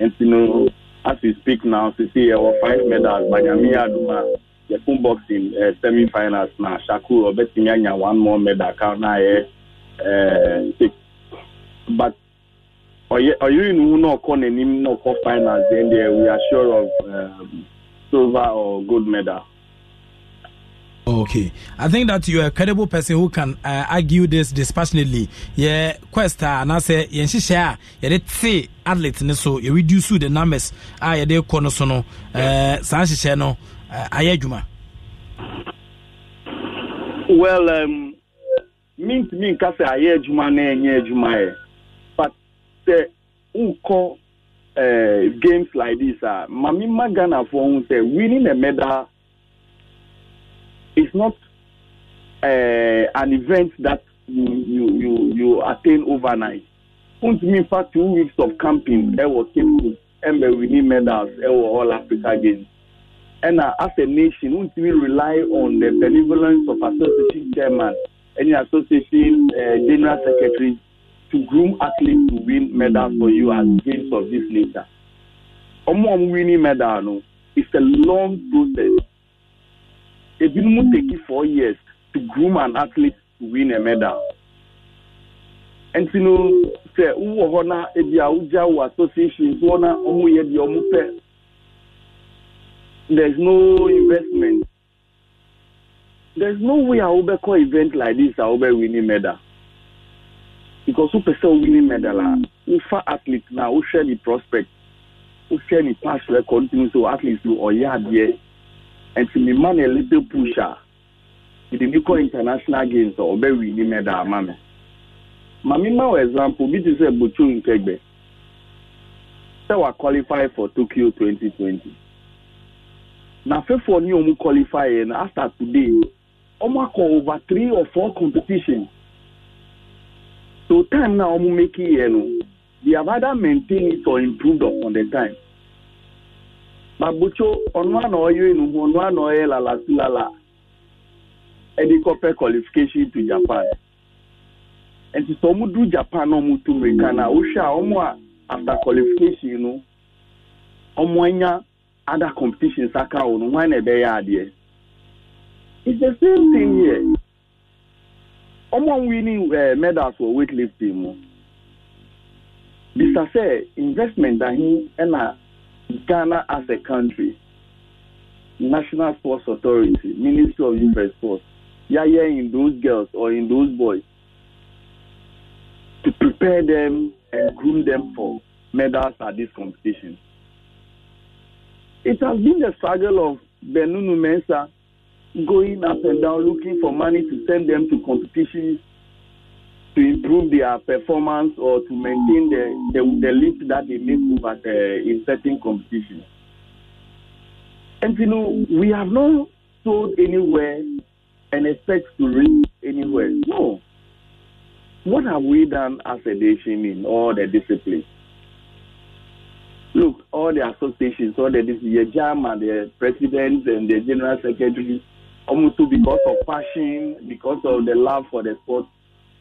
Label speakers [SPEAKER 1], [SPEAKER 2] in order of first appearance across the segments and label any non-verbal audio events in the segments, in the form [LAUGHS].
[SPEAKER 1] nti as we speak now sisi yɛwɔ five medals banyami aduma yɛfun boxing uh, semi finals na shakur ɔbɛtumi anya one more medal ka na yɛ eh, eh, six but ɔyiri no mu na ɔkɔ n'anim na ɔkɔ finals then uh, there we are sure of um, silver or gold medal.
[SPEAKER 2] Okay, I think that you are a credible person who can uh, argue this dispassionately. Yeah, quest uh, and I say, yeah, she share, uh, yeah, they say athlete, and so you reduce the numbers. Ah, uh, yeah, they corner so no, uh, Sanshi Channel, Ayajuma.
[SPEAKER 1] Well, um, mint me, Kasa Ayajuma, and Yajuma, e. but the Uko uh, games like this are uh, Mami Magana for winning a medal it's not uh, an event that you you you, you attain overnight. me for two weeks of camping ɛwɔ Cape Coast ɛmɛ winning medals ɛwɔ All Africa Games. Ɛna as a nation, won't we rely on the benevolence of association chairman any association uh, general secretary to groom athletes to win medals for you at games of this nature. Ọmọ ọmọ winning medal no, it's a long process ebinom take four years to groom an athlete to win a medal nti no sɛ wowɔ hɔ na ebi a wogya wɔ association soɔ na ɔmo yɛ deɛ ɔmo pɛ there is no investment there is no way a wobɛkɔ event like this a wobɛ winning medal because wopɛ sɛ winning medal a wofa athlete na share the prospect share the past record nti so athlete no ɔyɛ adeɛ nti mi ma na little push a mede mi kɔ international games a ɔbɛwi ni mɛda ama me ma mi ma wɔ example bi te sɛ botu nkɛgbɛ sɛ wa qualify for tokyo 2020 na afɛfoɔ ne ɔmo qualify yɛ after today ɔmo akɔ over three or four competitions so time na ɔmo make yɛ no they have either maintained it or improved upon the time. Mabucho, ọ̀nù àná ọ̀yẹ́ inú ọ̀nù àná ọ̀yẹ́ lala sí lala ẹni kọ́pẹ́ qualification to Japan ẹ̀ntì sọ du Japan náà tu tú mìíràn náà ó ṣe à ọmú à after qualification no ọmú ẹ̀yà other competitions aka ọ̀nù wọn ya bẹ́ yá it's the same thing here ọmọ winning uh, eh, medals for weightlifting mu bisa sẹ investment dahin ẹ̀ Ghana as a country, National Sports Authority, Ministry of Youth and Sports, yeah, yeah, in those girls or in those boys to prepare them and groom them for medals at this competition. It has been the struggle of Benunu Mensah going up and down looking for money to send them to competitions to improve their performance or to maintain the, the, the lift that they make over the, in certain competitions. And you know, we have not sold anywhere and expect to reach anywhere. No. What have we done as a nation in all the disciplines? Look, all the associations, all the the jam and the presidents and the general secretaries, almost too because of passion, because of the love for the sport,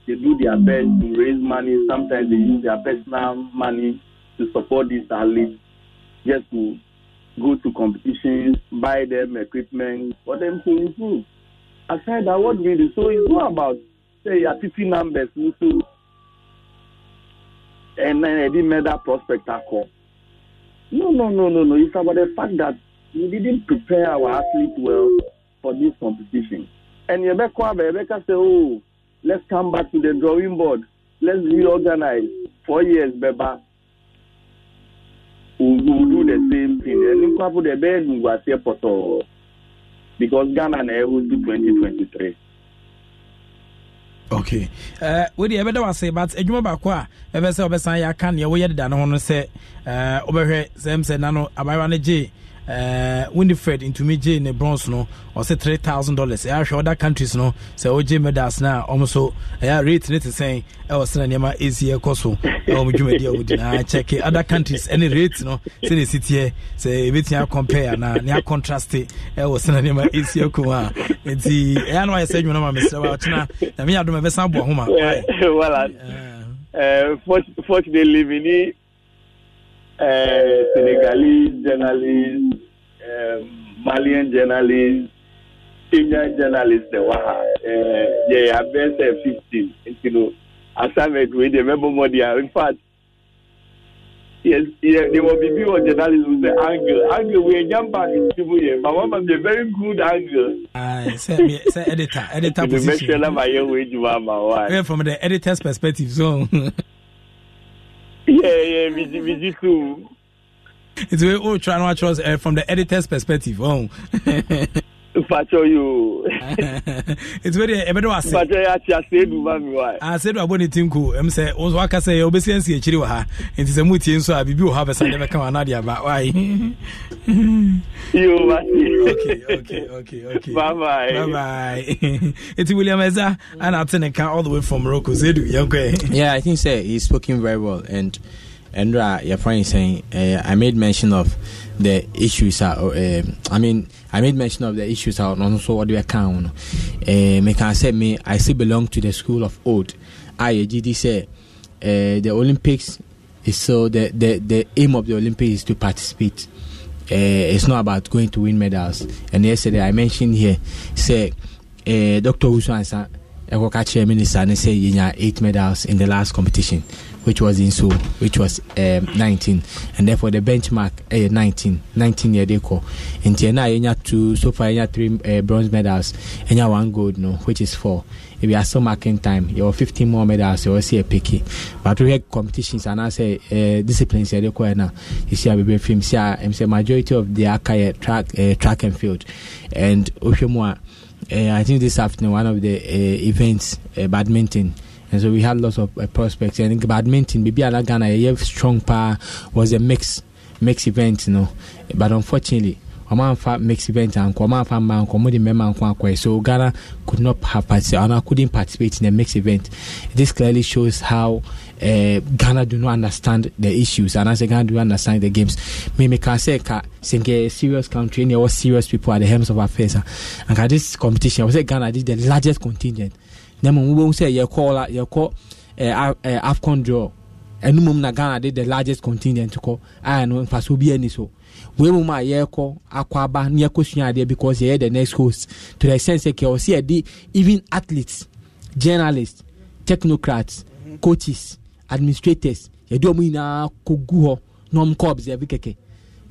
[SPEAKER 1] They do their best to raise money. Sometimes they use their personal money to support these athletes just to go to competitions, buy them equipment for them to improve. Aside that, what we do, so it's not about say your PT numbers, so and then I didn't make that prospect call. No, no, no, no, no. It's about the fact that we didn't prepare our athletes well for this competition. And you Rebecca, Rebecca say oh, Let's come back to the drawing board. Let's reorganize. Four years, Beba. We'll, we'll do the same thing. And in put the bed, in was here Because Ghana na will do 2023.
[SPEAKER 2] okay wodi ɛbɛda wase but adwuma baako a ɛbɛ sɛ wɔbɛsan yɛ aka neɛ woyɛ deda no ho no sɛ wobɛhwɛ sɛm sɛ na no abaayewa no gyee uh, eh, winifred ntumi gye ne bronze no ɔsɛ three thousand dollars ɛyɛ ahwɛ other countries no sɛ ɔgye medals na ɔmo so ɛyɛ rate ne te sɛn ɛwɔ sɛn nneɛma esi ɛkɔ so ɛwɔ mo dwumadi a wɔdi naa ah, kyɛke other countries ɛne rate no sɛ ne si teɛ sɛ ebi compare na ne a contrast ɛwɔ sɛn nneɛma esi ɛkɔ mu a nti ɛyɛ ano ayɛ sɛ edwuma no ma mesrɛ wa ɔtena na mi yɛ adum ɛbɛsan bɔ ɔho ma.
[SPEAKER 3] Eh, [LAUGHS] wala forty day leave ni
[SPEAKER 1] uh, Senegalese journalists, um, eh, Malian journalists, Kenyan journalists, the Waha. Uh, they are best at 15. You know, assignment with the member money. In fact, yes, yeah, there will be people journalists with the angle. Angle, we are young back in people here, but one of the very good
[SPEAKER 3] angle. Uh,
[SPEAKER 2] say, editor, editor position. Make
[SPEAKER 3] sure that my young wage, mama.
[SPEAKER 2] Well, from the editor's perspective, so. [LAUGHS] yeah, yeah, busy soon. It's way old trying to watch us uh, from the editor's perspective. Oh. [LAUGHS] mpatsɔ yi o. [LAUGHS] etu eh, bɛ de ɛbɛ dɔn ase. mpatsɔ yi ati ase edu ma mi wa. ase edu abɔ ne ti nko eh, ɛmisɛ nso akasa yɛ obesi ɛnsi ekyiri wa ha nti sɛ mu tie nso a bibi wɔ ha bɛsa ne bɛ kan wa n'adi aba waayi.
[SPEAKER 3] yoo ma ti. okay okay okay okay.
[SPEAKER 2] bye bye. bye bye. [LAUGHS] eti william ɛza ana ati ne ka all the way from morocco zedu yɛn kɔ yɛ.
[SPEAKER 4] yeah i think say he spoken very well and and uh, your friend saying uh, i made mention of. the issues are uh, i mean i made mention of the issues are so what we account uh, make i say me i still belong to the school of old iagd say uh, the olympics is so the, the the aim of the olympics is to participate uh, it's not about going to win medals and yesterday i mentioned here say uh, dr Usuansa ɛkɔka kyerɛ minister say sɛ yɛnya eight medals in the last competition which was in Seoul, which was um, 19, and therefore the benchmark eh, 19, 19 year they call. And now you two, so far you three uh, bronze medals, and you one gold, no, which is four. If you are still marking time, you have 15 more medals, you will see a picky. But we have competitions and I say uh, disciplines here they now. You see, I will film, see, I'm majority of the track, uh, track and field, and Uh, I think this afternoon, one of the uh, events, uh, badminton, and so we had lots of uh, prospects. And badminton, baby, at Ghana, yeah, strong power was a mix mix event, you know. But unfortunately, ɔmo anfa mix event and ɔmo anfa not ankɔ ɔmo so Ghana could not have participated and couldn't participate in the mix event this clearly shows how uh, Ghana do not understand the issues and as Ghana do not understand the games mímí can say ka a serious country and there were serious people at the helms of affairs and this competition I would say Ghana this is the largest contingent. na mmom wobɛhu sɛ yɛkɔ la yɛkɔ eh, eh, afcon draw ɛno mmom na ghana de the largest continent. kɔ a no mfaso bi ani so wei mmom a yɛrekɔ akɔ aba na yɛkɔ sua because yɛyɛ the next host to the extent sɛ kɛwɔ sɛ yɛde even athletes journalists technocrats mhm. coaches administrators yɛde ɔmo nyinaa kɔgu hɔ na ɔmo kɔ observe kɛkɛ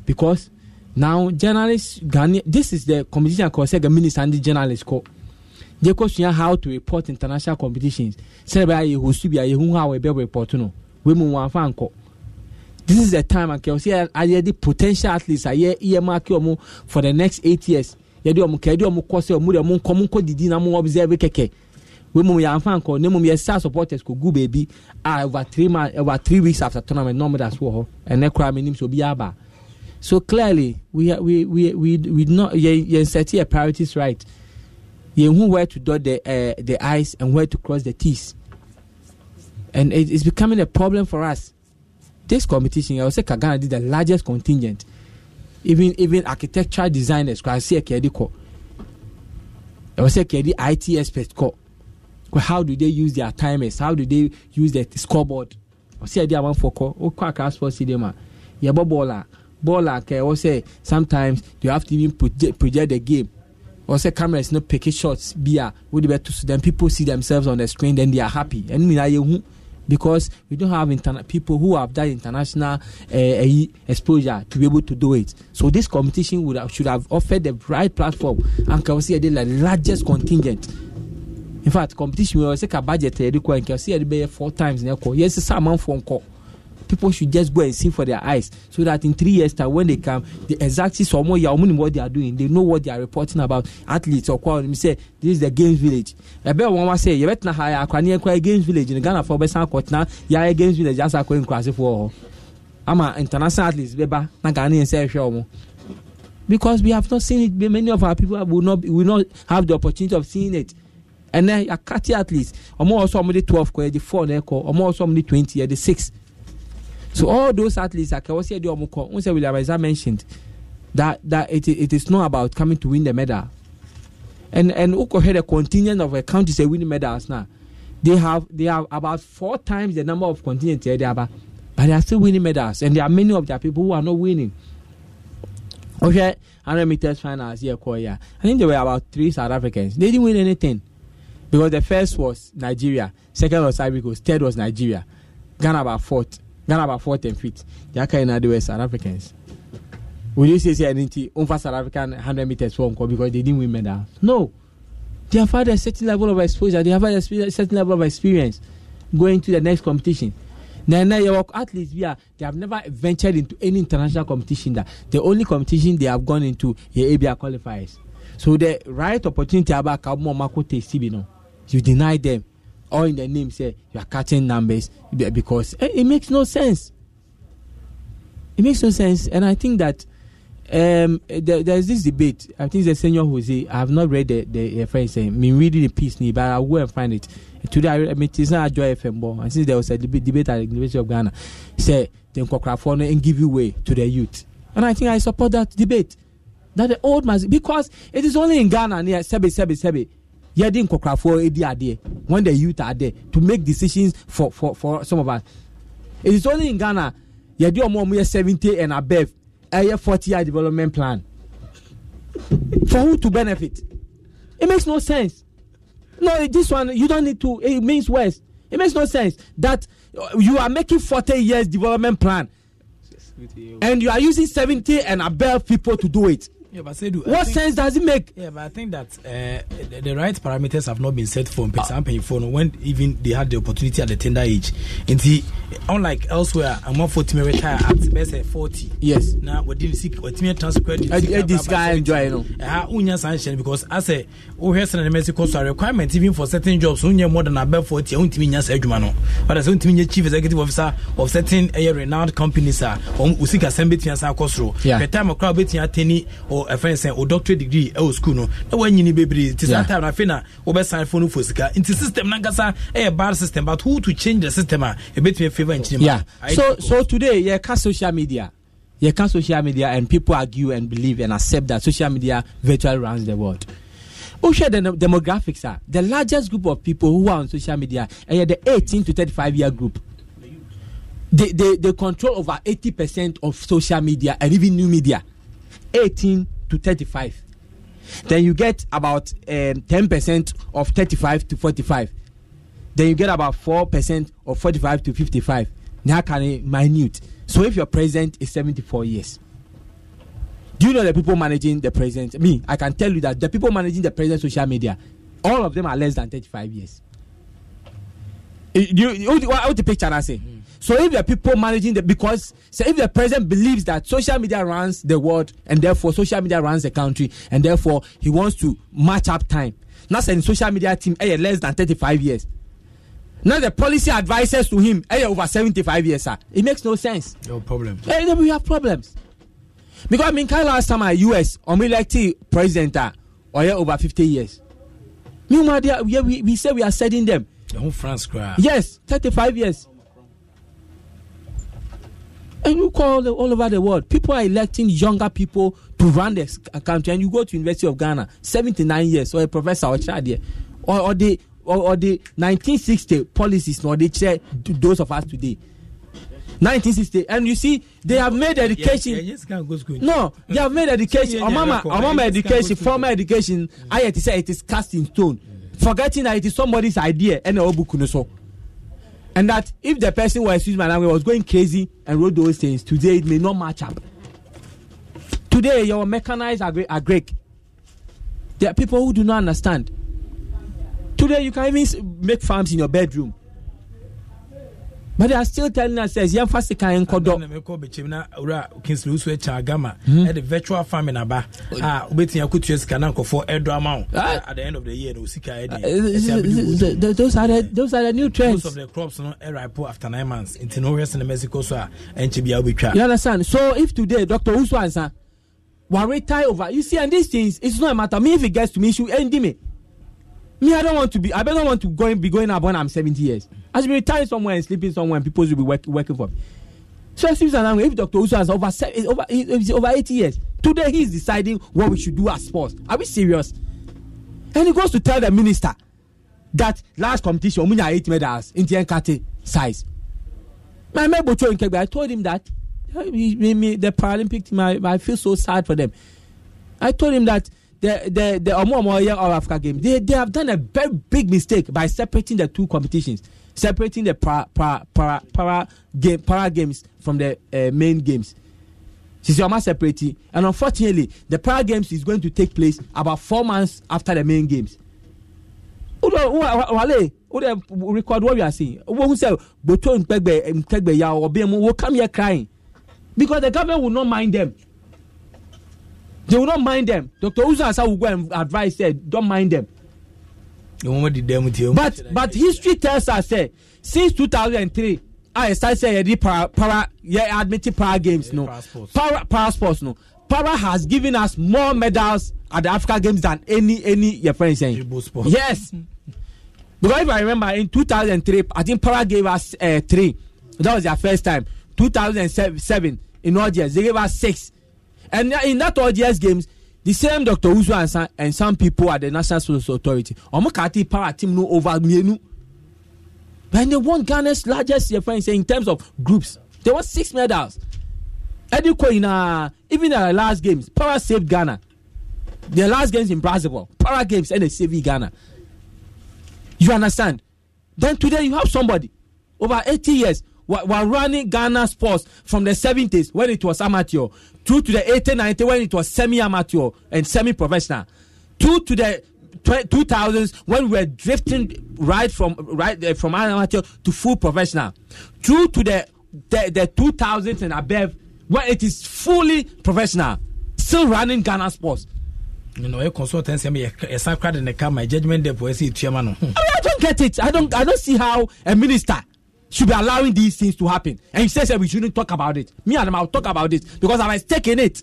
[SPEAKER 4] because now journalists ghana this is the competition kɔ sɛ ga minister and the journalists kɔ de kɔ sua how to report international competitions sɛnɛ bɛyɛ ayɛ hosu bi ayɛ huhu a wɔbɛ report no wɔmu wɔn afa nkɔ this is the time akɛ ɔsɛ ayɛ de potential athletes ayɛ earmark wɔn for the next eight years yɛde wɔn kɛ yɛde wɔn kɔ sɛ wɔn de wɔn nkɔ wɔn nkɔ didi na wɔn observe kɛkɛ wɔmu yɛ afa nkɔ ne mu yɛ star supporters ko gu baabi a ah, over three man over three weeks after tournament nɔɔmo da so wɔ hɔ ɛnɛ koraa mi nim so obi aba so clearly we we we we we not yɛn yɛn set yɛ priorities right. You know where to dot the uh, the eyes and where to cross the t's and it is becoming a problem for us this competition i would say kagana did the largest contingent even even architectural designers I kò ase ɛkɛɛdi I ɛwɔ say ɛkɛɛdi it experts kɔ kò how do they use their timers how do they use the scoreboard ɔsi ɛdi amanfo kɔ okɔ akara sports stadium a yɛbɔ bɔɔl baller, bɔɔl a kɛ ɛwɔ sɛ sometimes you have to even project, project the game or say cameras not pick shots Be a would be to so then people see themselves on the screen then they are happy and are I because we don't have interna- people who have that international uh, exposure to be able to do it. So this competition would have, should have offered the right platform and can see the largest contingent. In fact, competition we will take a budget. You eh, can see it four times. Yes, it's a month phone call people should just go and see for their eyes so that in three years time when they come the exactly so omo ya omo ni what they are doing they know what they are reporting about athletes Or ọdún mi sẹ this is the games village ẹbẹ wọn wá sẹ yẹ bẹ tẹná ha yà akwa ní ẹkọ e games village ní ghana for bẹ sàn kọ tẹná yà ayẹ games village yà sà kọ nkuraase for, ọ ama international athletes bẹ ba na ghana yẹn sẹ ẹ e hwẹ because we have not seen it many of our people will not will not have the opportunity of seeing it And then kàtí athletes ọmọ ọsọ ọmọ de twelve kọ yẹ de four náà kọ ọmọ ọsọ ọmọ twenty yẹ de six. So all those athletes, like I was here, William mentioned that that it, it is not about coming to win the medal. And and Uko had a contingent of a country win winning medals now. They have they have about four times the number of contingents they have, but they are still winning medals. And there are many of their people who are not winning. Okay, 100 meters finals here, Korea. I think there were about three South Africans. They didn't win anything because the first was Nigeria, second was Ivory Coast, third was Nigeria, Ghana about fourth. Ghana about four ten feet. are Aka of other South Africans. Would you say say anything? Over South African hundred meters go because they didn't win medal. No, they have had a certain level of exposure. They have had a certain level of experience going to the next competition. Now, now your athletes, yeah, they have never ventured into any international competition. That the only competition they have gone into is ABA qualifiers. So the right opportunity about Kabumo Mako Testibi, you deny them. Or in the name say you are cutting numbers because eh, it makes no sense. It makes no sense, and I think that um, there, there's this debate. I think the senior Jose. I have not read the the, the friend saying. Eh, me reading the piece, but I will and find it. Today, I, I mean, it's not a joy FM, but and since there was a debate, at the University of Ghana, say the Nkokrafono and give you way to the youth, and I think I support that debate. That the old must because it is only in Ghana yeah, sebi sebi sebi yɛde nkɔkorafoɔ di adeɛ when the youth are there to make decisions for for for some of us it is only in ghana yɛde ɔmo ɔmo yɛ seventy and above ɛyɛ forty year development plan for who to benefit it makes no sense no this one you don't need to it means worse it makes no sense that uh, you are making forty years development plan and you are using seventy and above people to do it. Yeah, but what think, sense does it make?
[SPEAKER 2] Yeah, but I think that uh, the, the, right parameters have not been set for Mpesa for when even they had the opportunity at the tender age. And see, unlike elsewhere, I'm not 40 retire at best 40. Yes. Now, we didn't see what me I, This guy enjoy it. Ah, uh, unya sanction because as a oh here San Mexico so requirement even for certain jobs unya more than above 40 untimi nya say adwuma no. But as untimi nya chief executive officer of certain a uh, renowned companies are um usika sembetnya sa kosro. Yeah. The time crowd betnya teni or ɛfɛn sɛn o doctorate degree ɛwɔ school no na wɔanyini bebree ti saa time na afei na wɔbɛsan fo no fo sika nti system nankasa ɛyɛ bad system but who to change the system a ɛbɛtumi favour nkyini ma. so so
[SPEAKER 4] today can't social media can't social media and people argue and believe and accept that social media virtually runs the world. share the demographics Ah, the largest group of people who are on social media ɛyɛ the 18 to 35 year group they, they, they control over 80 percent of social media and even new media 18 to 35. Then you get about um, 10% of 35 to 45. Then you get about 4% of 45 to 55. Now can I minute. So if your president is 74 years, do you know the people managing the president? Me, I can tell you that the people managing the present social media, all of them are less than 35 years. Eh, you, you, what, what the picture I say? Mm. So if the people managing the because so if the president believes that social media runs the world and therefore social media runs the country and therefore he wants to match up time. Now saying social media team eh, less than 35 years. Now the policy advisors to him eh, over 75 years, sir. It makes no sense. No problem. Eh, we have problems. Because I mean kind last time I US or elected president uh, ah, or oh, yeah, over 50 years. Meanwhile, they we, we say we are setting them.
[SPEAKER 2] The whole France crowd.
[SPEAKER 4] Yes, 35 years. And you call the, all over the world. People are electing younger people to run the uh, country. And you go to University of Ghana, 79 years, or a professor or child there. Or, or the or, or the 1960 policies, or they chair. those of us today. 1960 and you see they have made education
[SPEAKER 2] no they have made education Our mama, our mama education formal
[SPEAKER 4] education I ayẹ to say it is cast in stone forgetting that it is somebody's idea ẹna ọ bukunu so. And that if the person were, excuse my language, was going crazy and wrote those things, today it may not match up. Today, your mechanized are, are There are people who do not understand. Today, you can even make farms in your bedroom.
[SPEAKER 2] but they are still telling us as yɛmfa sika nkɔdɔ na mekɔ bɛkyɛm na wura kinsley wosu akyɛ agama hmm. ɛde virtual farming aba a ah, wobɛtumi akotua sika na nkɔfoɔ ɛdɔ ama wo ah. at the end of the year no sika ɛde ah, eh, eh,
[SPEAKER 4] eh, those are the those are the new trends most
[SPEAKER 2] of the crops no ɛripo after nine months nti no wɔyɛ sɛ mexico so a ɛnkyɛ bia wobɛtwa you understand
[SPEAKER 4] so if today doctor wosu ansa wareta over you see and these things it's not a matter me if it gets to me issue ɛndi me me i don't want to be i don't want to go be going abroad i'm seventy years. Mm -hmm. I should be retiring somewhere and sleeping somewhere, and people will be work, working for me. So if Dr. Uso has over, seven, over, over 80 years, today he is deciding what we should do as sports. Are we serious? And he goes to tell the minister that last competition, we Omunya 8 medals, in the Kate size. My I told him that the Paralympic team, I, I feel so sad for them. I told him that the the the Omo Omo Africa game, they, they have done a very big mistake by separating the two competitions separating the para para para para game para games from the uh, main games sisi ọma separating and unfortunately the para games is going to take place about four months after the main games Who wàlẹ record what we are seeing Who wọ́n sẹ́ gbòtó nkpẹ́gbẹ́ nkpẹ́gbẹ́ ya or mu will come here crying because the government will not mind them they will not mind them Doctor uzo will go and advise say don't mind them
[SPEAKER 2] but
[SPEAKER 4] but history tells us say since 2003 a yɛ start say yɛde para para yɛ admitting para games no para para sports no para has given us more medals at the africa games than any any yɛ friend sɛn yes because if i remember in 2003 i think para gave us uh, three that was their first time 2007 in all years they gave us six and in that all years games the same doctor wusu and, and some people at the national sports authority ọmọ kàtí power team no over mienu but they won ghana's largest year in terms of groups they won six medals in koyina uh, even their last games power saved ghana their last games in brazil power games and they saved ghana you understand then today you have somebody over 80 years We're running Ghana sports from the 70s when it was amateur through to the 80s, 90s when it was semi-amateur and semi-professional, through to the 2000s when we were drifting right from right uh, from amateur to full professional, through to the the, the 2000s and above where it
[SPEAKER 2] is fully professional, still running Ghana sports. You know, a consultant sent me a sacred and a car, my judgment depot. I don't get it. I don't I don't see how a
[SPEAKER 4] minister should be allowing these things to happen. And you say, sir, we shouldn't talk about it. Me and him, I'll talk about it because I was taking it.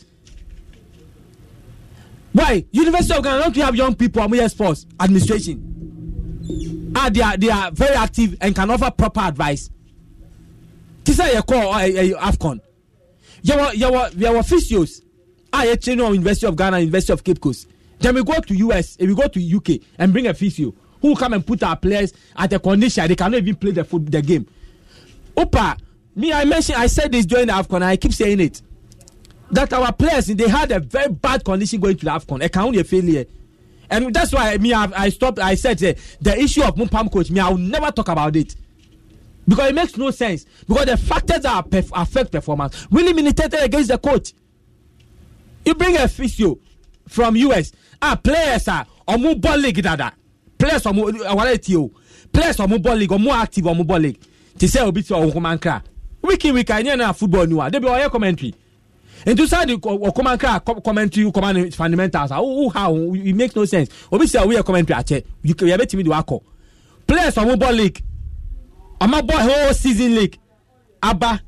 [SPEAKER 4] Why? University of Ghana, don't you have young people on your sports administration? Ah, they are, they are very active and can offer proper advice. This is your uh, call, uh, uh, AFCON. Your, your, your officials are a trainer of University of Ghana, University of Cape Coast. Then we go to US, and eh, we go to UK and bring a physio who come and put our players at a condition they cannot even play the foot, the game. Opa, me, I mentioned, I said this during the AFCON, I keep saying it. That our players, they had a very bad condition going to the AFCON. It can only failure. And that's why me, I, I stopped, I said uh, the issue of Mumpam coach, me, I will never talk about it. Because it makes no sense. Because the factors that perf- affect performance really militated against the coach. You bring a physio from US, ah, players are, on move ball league, that players ọmọ awara eti o players ọmọ ball league ọmọ active ọmọ ball league ti sẹ obi ti ọkọman kra wiki wiki ẹni ẹ na football ni wa debi ọyẹ commentary ntu sáà di ọkọman kra commentary command fundamentals ah who how it makes no sense obi sẹ owi yẹ commentary akyẹ yẹ bẹ tìmí di wa kọ players ọmọ ball league ọmọ ball whole season league aba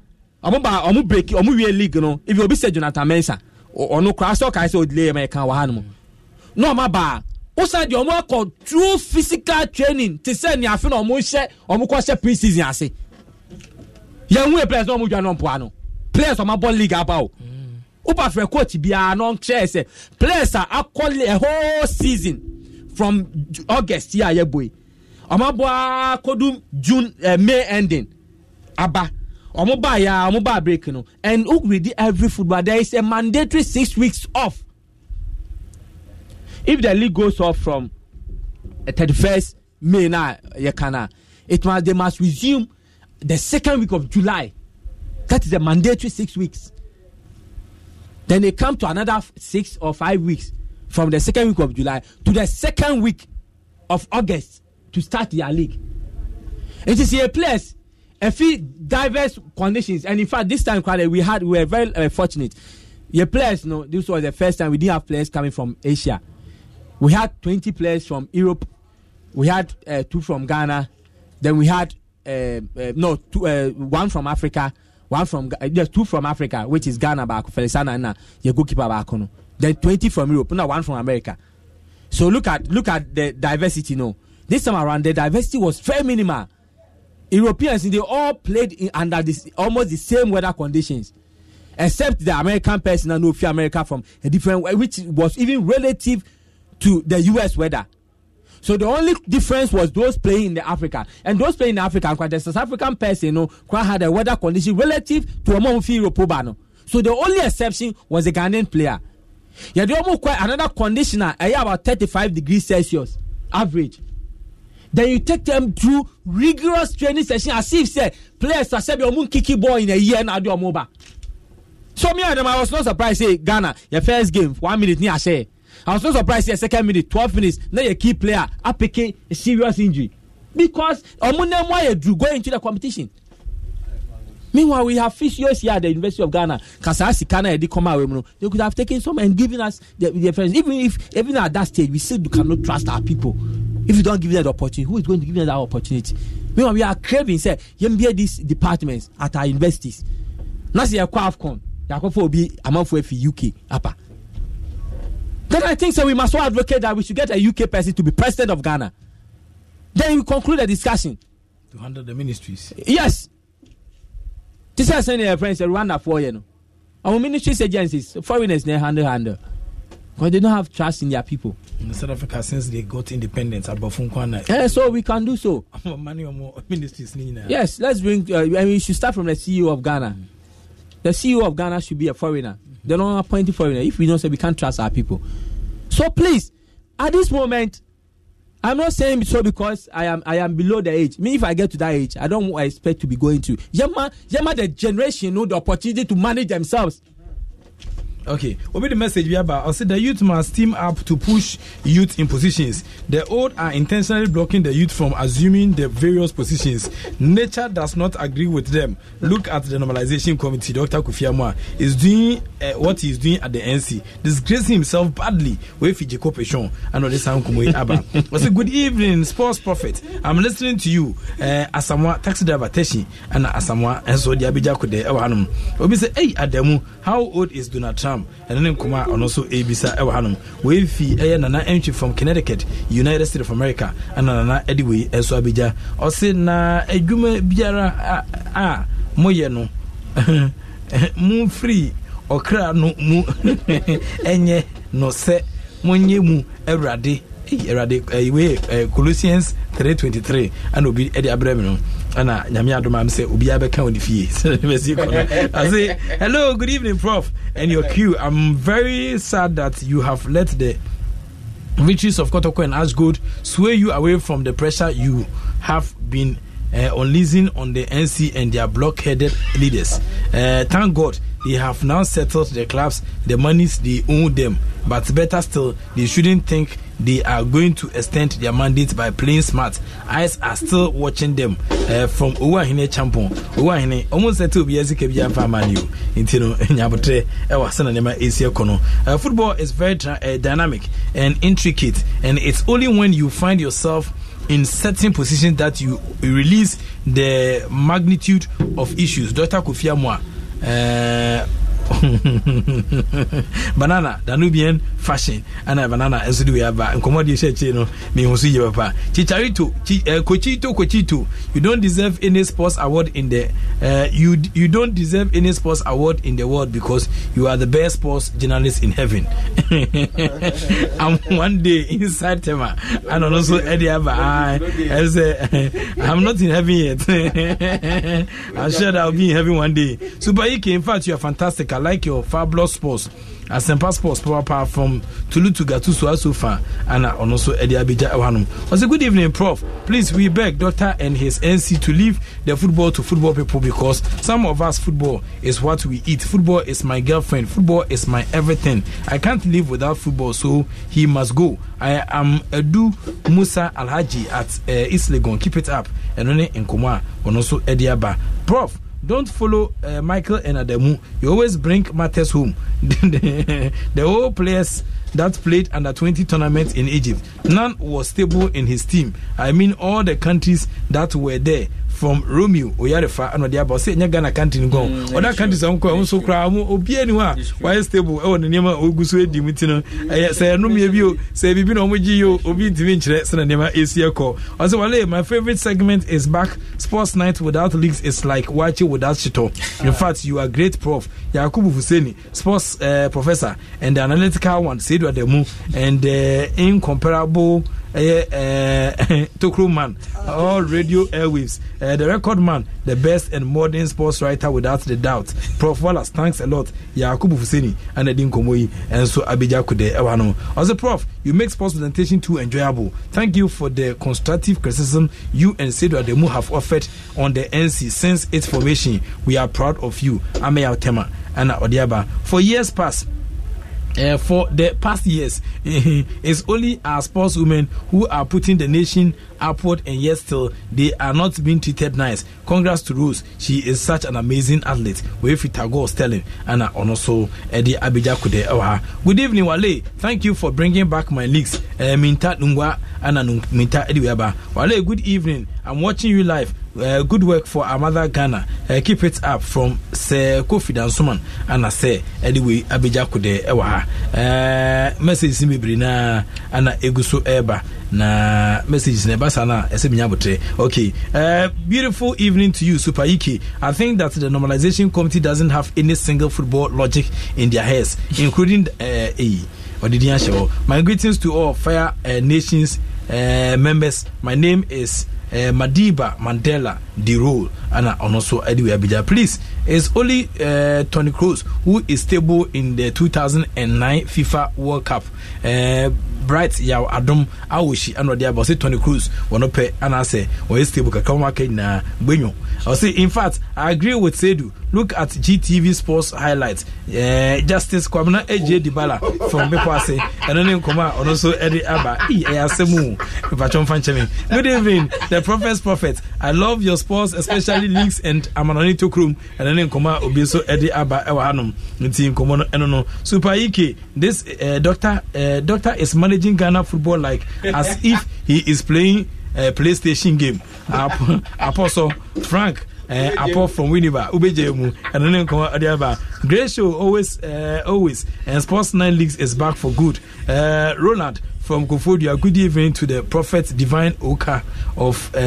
[SPEAKER 4] ọmọ ba ọmọ break ọmọ wie league no ebi obi sẹ jonathan mensah ọno kora sọ kaa sẹ odile yẹ ma ẹ kan wà hánu mu náà ọmọ baa wosan deɛ ɔmo akɔ true physical training te sɛ ne afe na ɔmo hyɛ ɔmo kɔ hyɛ pre season ase yɛn hu yɛ players na ɔmo dwa no mpoa no players ɔmo abɔ league aba o wopa fɛ coach biara na ɔnkyerɛ sɛ players a akɔ a whole season from august yi a yɛbɔ yi ɔmo abɔ akɔdu june uh, may ending aba ɔmo ba ya ɔmo ba break no and who read every football there is a mandatory six weeks off if the league goes off from eh, thirty first May na yɛ kan it must they must resume the second week of July that is the mandatory six weeks then they come to another six or five weeks from the second week of July to the second week of August to start their league it is a place a few diverse conditions and in fact this time kwade we had we were very uh, fortunate your players you know this was the first time we didn't have players coming from Asia. we had 20 players from Europe, we had uh, two from Ghana, then we had uh, uh no two, uh, one from Africa, one from yes two from Africa, which is Ghana back, Felisana na uh, your goalkeeper back Then 20 from Europe, now one from America. So look at look at the diversity. No, this time around the diversity was very minimal. Europeans they all played in, under this almost the same weather conditions except the American person and no few America from a different way, which was even relative to the US weather. So the only difference was those playing in the Africa. And those playing in Africa, the South African person you know, had a weather condition relative to a more Europobano. So the only exception was the Ghanaian player. Yeah, they almost quite another conditioner, a about 35 degrees Celsius average. Then you take them through rigorous training session as if say players are said your kiki ball in a year and do a mobile. So me and them I was not surprised say Ghana, your first game, one minute ni I say. I was so surprised here second minute 12 minutes Now your key player apeke a serious injury because ọmúnẹ́mú ayẹ̀dù going into the competition. Meanwhile, we have years here at the University of Ghana. Kasasi Kana Edi Koma They could have taken some and given us the, the friends. Even if even at that stage, we still cannot trust our people. If you don't give them the opportunity, who is going to give them that opportunity? Meanwhile, we are craving, say, yembie these departments at our universities. Now, see, Nasi yɛkɔ AFCON, yɛakɔ fɔ obi amanfo for UK, apa. Then I think so. We must well advocate that we should get a UK person to be president of Ghana. Then we conclude the discussion.
[SPEAKER 2] To handle the ministries.
[SPEAKER 4] Yes. This is saying your eh, friends eh, Rwanda for you know. Our ministries agencies, eh, foreigners, they handle handle. Because they don't have trust in their people. In South Africa, since they got independence, about
[SPEAKER 2] Funkwana. Yeah, so we can do so. [LAUGHS] Money or more ministries. Yes,
[SPEAKER 4] let's bring. Uh, I mean, we should start from the CEO of Ghana. Mm. The CEO of Ghana should be a foreigner. Mm They're not appointing foreigner. If we don't say we can't trust our people. So please, at this moment, I'm not saying so because I am I am below the age. I mean, if I get to that age, I
[SPEAKER 2] don't expect to be going to Yama Yama the generation know the opportunity to manage themselves. Okay, what be the message we have. I said the youth must team up to push youth in positions. The old are intentionally blocking the youth from assuming the various positions. Nature does not agree with them. Look at the normalization committee. Dr. Kofi is doing uh, what he's doing at the NC, disgracing himself badly with Fiji Corporation and other Sankumwe Abba. I [LAUGHS] said, Good evening, sports prophet. I'm listening to you, uh, taxi driver Teshi and Asamoah and so the Abija Kode. Obi say, Hey, Ademu, how old is Donald Trump? Ram ɛne ne nkɔmɔ a ɔno nso ɛrebisa ɛwɔ hanom wei fi ɛyɛ nana entry from Connecticut United States of America ɛna nana ɛde wei ɛso abegya ɔse na adwuma biara a, a moyɛ no [LAUGHS] mumfiri ɔkra no mu [LAUGHS] ɛnyɛ no sɛ monyɛ mu awurade awurade ɛyiwe Colossians 3:23 ɛna obi ɛde abrɛ mi no. ana nyame adom am sɛ obiaa bɛka wo ne fie [LAUGHS] sɛmɛsi kɔno ase hello good evening prof and your queue i'm very sad that you have let the riches of kotoko and ashgold sway you away from the pressure you have been uh, on on the nc and their blockheaded leaders uh, thank god they have now settled the clubs the monies they own them but better still they shouldn't think they are going to extend their mandate by playing smart. Eyes are still watching them uh, from Owahine Champon. Owahine almost said to be as if you have [LAUGHS] eh, a man you into Nyabotre, our son and Asia Kono. Eh, football is very uh, dynamic and intricate, and it's only when you find yourself in certain positions that you release the magnitude of issues. Dr. Kofi Amwa. Uh, [LAUGHS] banana danubian fashion ana banana ɛso de wei aba nkɔmmɔ deɛ ɛhyɛ akyire no mehu so yie papa chicharito chi, uh, kochito kochito you don't deserve any sports award in the uh, you you don't deserve any sports award in the world because you are the best sports journalist in heaven [LAUGHS] i'm one day inside tema and also ɛde aba ɛsɛ i'm not in heaven yet [LAUGHS] i'm sure that i'll be in heaven one day super ike in fact you are fantastic I like your fabulous sports. asɛmpa sports power from tulu to gatu so aso far, ana ɔno nso ɛde abɛgya ɛwɔ good evening prof please we beg doctor and his nc to leave the football to football people because some of us football is what we eat football is my girlfriend football is my everything i can't live without football so he must go i am edu musa alhaji at uh, Legon. keep it up ɛno ne in Kuma, ɔno nso prof don't follow uh, Michael and Ademu. You always bring matters home. [LAUGHS] the whole players that played under 20 tournaments in Egypt, none was stable in his team. I mean, all the countries that were there from romeo oyarefa ɛna ɔde aba ɔsɛ ɛnyɛ ghana kanti no kɔn ɔda country sɛ nkɔ ɛho so koraa ɔmo obiara ni mm, hɔ eh, a wayɛ stable ɛwɔ ne nneɛma a ogu so edi mu ti no ɛyɛ sɛ ɛnumie bi o sɛ ebibi na ɔmo gyi yi o obi ntumi nkyerɛ sɛnɛ nneɛma esi ɛkɔ ɔsɛ wale my favourite segment is back sports night without leagues is like wachi without shitɔ in fact you are great prof yakubu fuseni sports uh, professor and the analytical one seydou adamu and the uh, incomparable ɛyɛ eh, eh, [LAUGHS] tokro man all radio airwaves uh, the record man the best and modern sports writer without the doubt prof wallace thanks a lot yakubu fuseni and di nkɔmmɔ and so Abijakude kodɛ As a prof you make sports presentation too enjoyable thank you for the constructive criticism you and sedu Demu have offered on the nc since its formation we are proud of you ameya tema ɛna ɔde for years past Uh, for the past years. Eh, eh, it's only our sportswomen who are putting the nation upward, and yet still they are not being treated nice. Congrats to Rose. She is such an amazing athlete. With Tagore telling and also Eddie Abija Kude. Oh, good evening, Wale. Thank you for bringing back my leagues. Minta Nungwa and Minta Ediweba. Wale, good evening. I'm watching you live. uh, good work for our mother Ghana. Uh, keep it up from Sir Kofi Dansuman and I say anyway Abija Kude Ewa. Uh, message in Bibrina and Eguso Eba. Na message in Ebasana, nyabote. Okay. Uh, beautiful evening to you, Super Iki. I think that the normalization committee doesn't have any single football logic in their heads, including uh, A. Or the My greetings to all Fire uh, Nations uh, members. My name is eh, Madiba Mandela the role ana ɔno nso de wei abegya please it's only uh, eh, tony cruz who is stable in the 2009 fifa world cup uh, bright yaw adom awohyi ɛna ɔde aba ɔsɛ tony cruz wɔno pɛ anaasɛ ɔyɛ stable kakra wɔn aka nyinaa gbenyo ɔsɛ in fact i agree with sedu look at gtv sports highlights uh, justice kwamina AJ dibala from bepɔ ase ɛno ne nkɔmɔ a ɔno nso de aba ee ɛyɛ asɛm o mpatwɔn nkyɛn mi good evening the prophet's prophet i love your sports especially yɛde links and amanɔne to kurom ɛne ne nkɔmmɔ a obi nso ɛde aba ɛwɔ hanom nti nkɔmmɔ no ɛno no super ek this uh, doctor uh, doctor is managing ghana football like as [LAUGHS] if he is playing uh, playstation game apɔ so frank uh, apart from Winneba, Ubejemu, and then Adiaba. Great show, always, uh, always. And Sports 9 Leagues is back for good. Uh, Ronald, from Kofodia. Good evening to the Prophet Divine Oka of uh,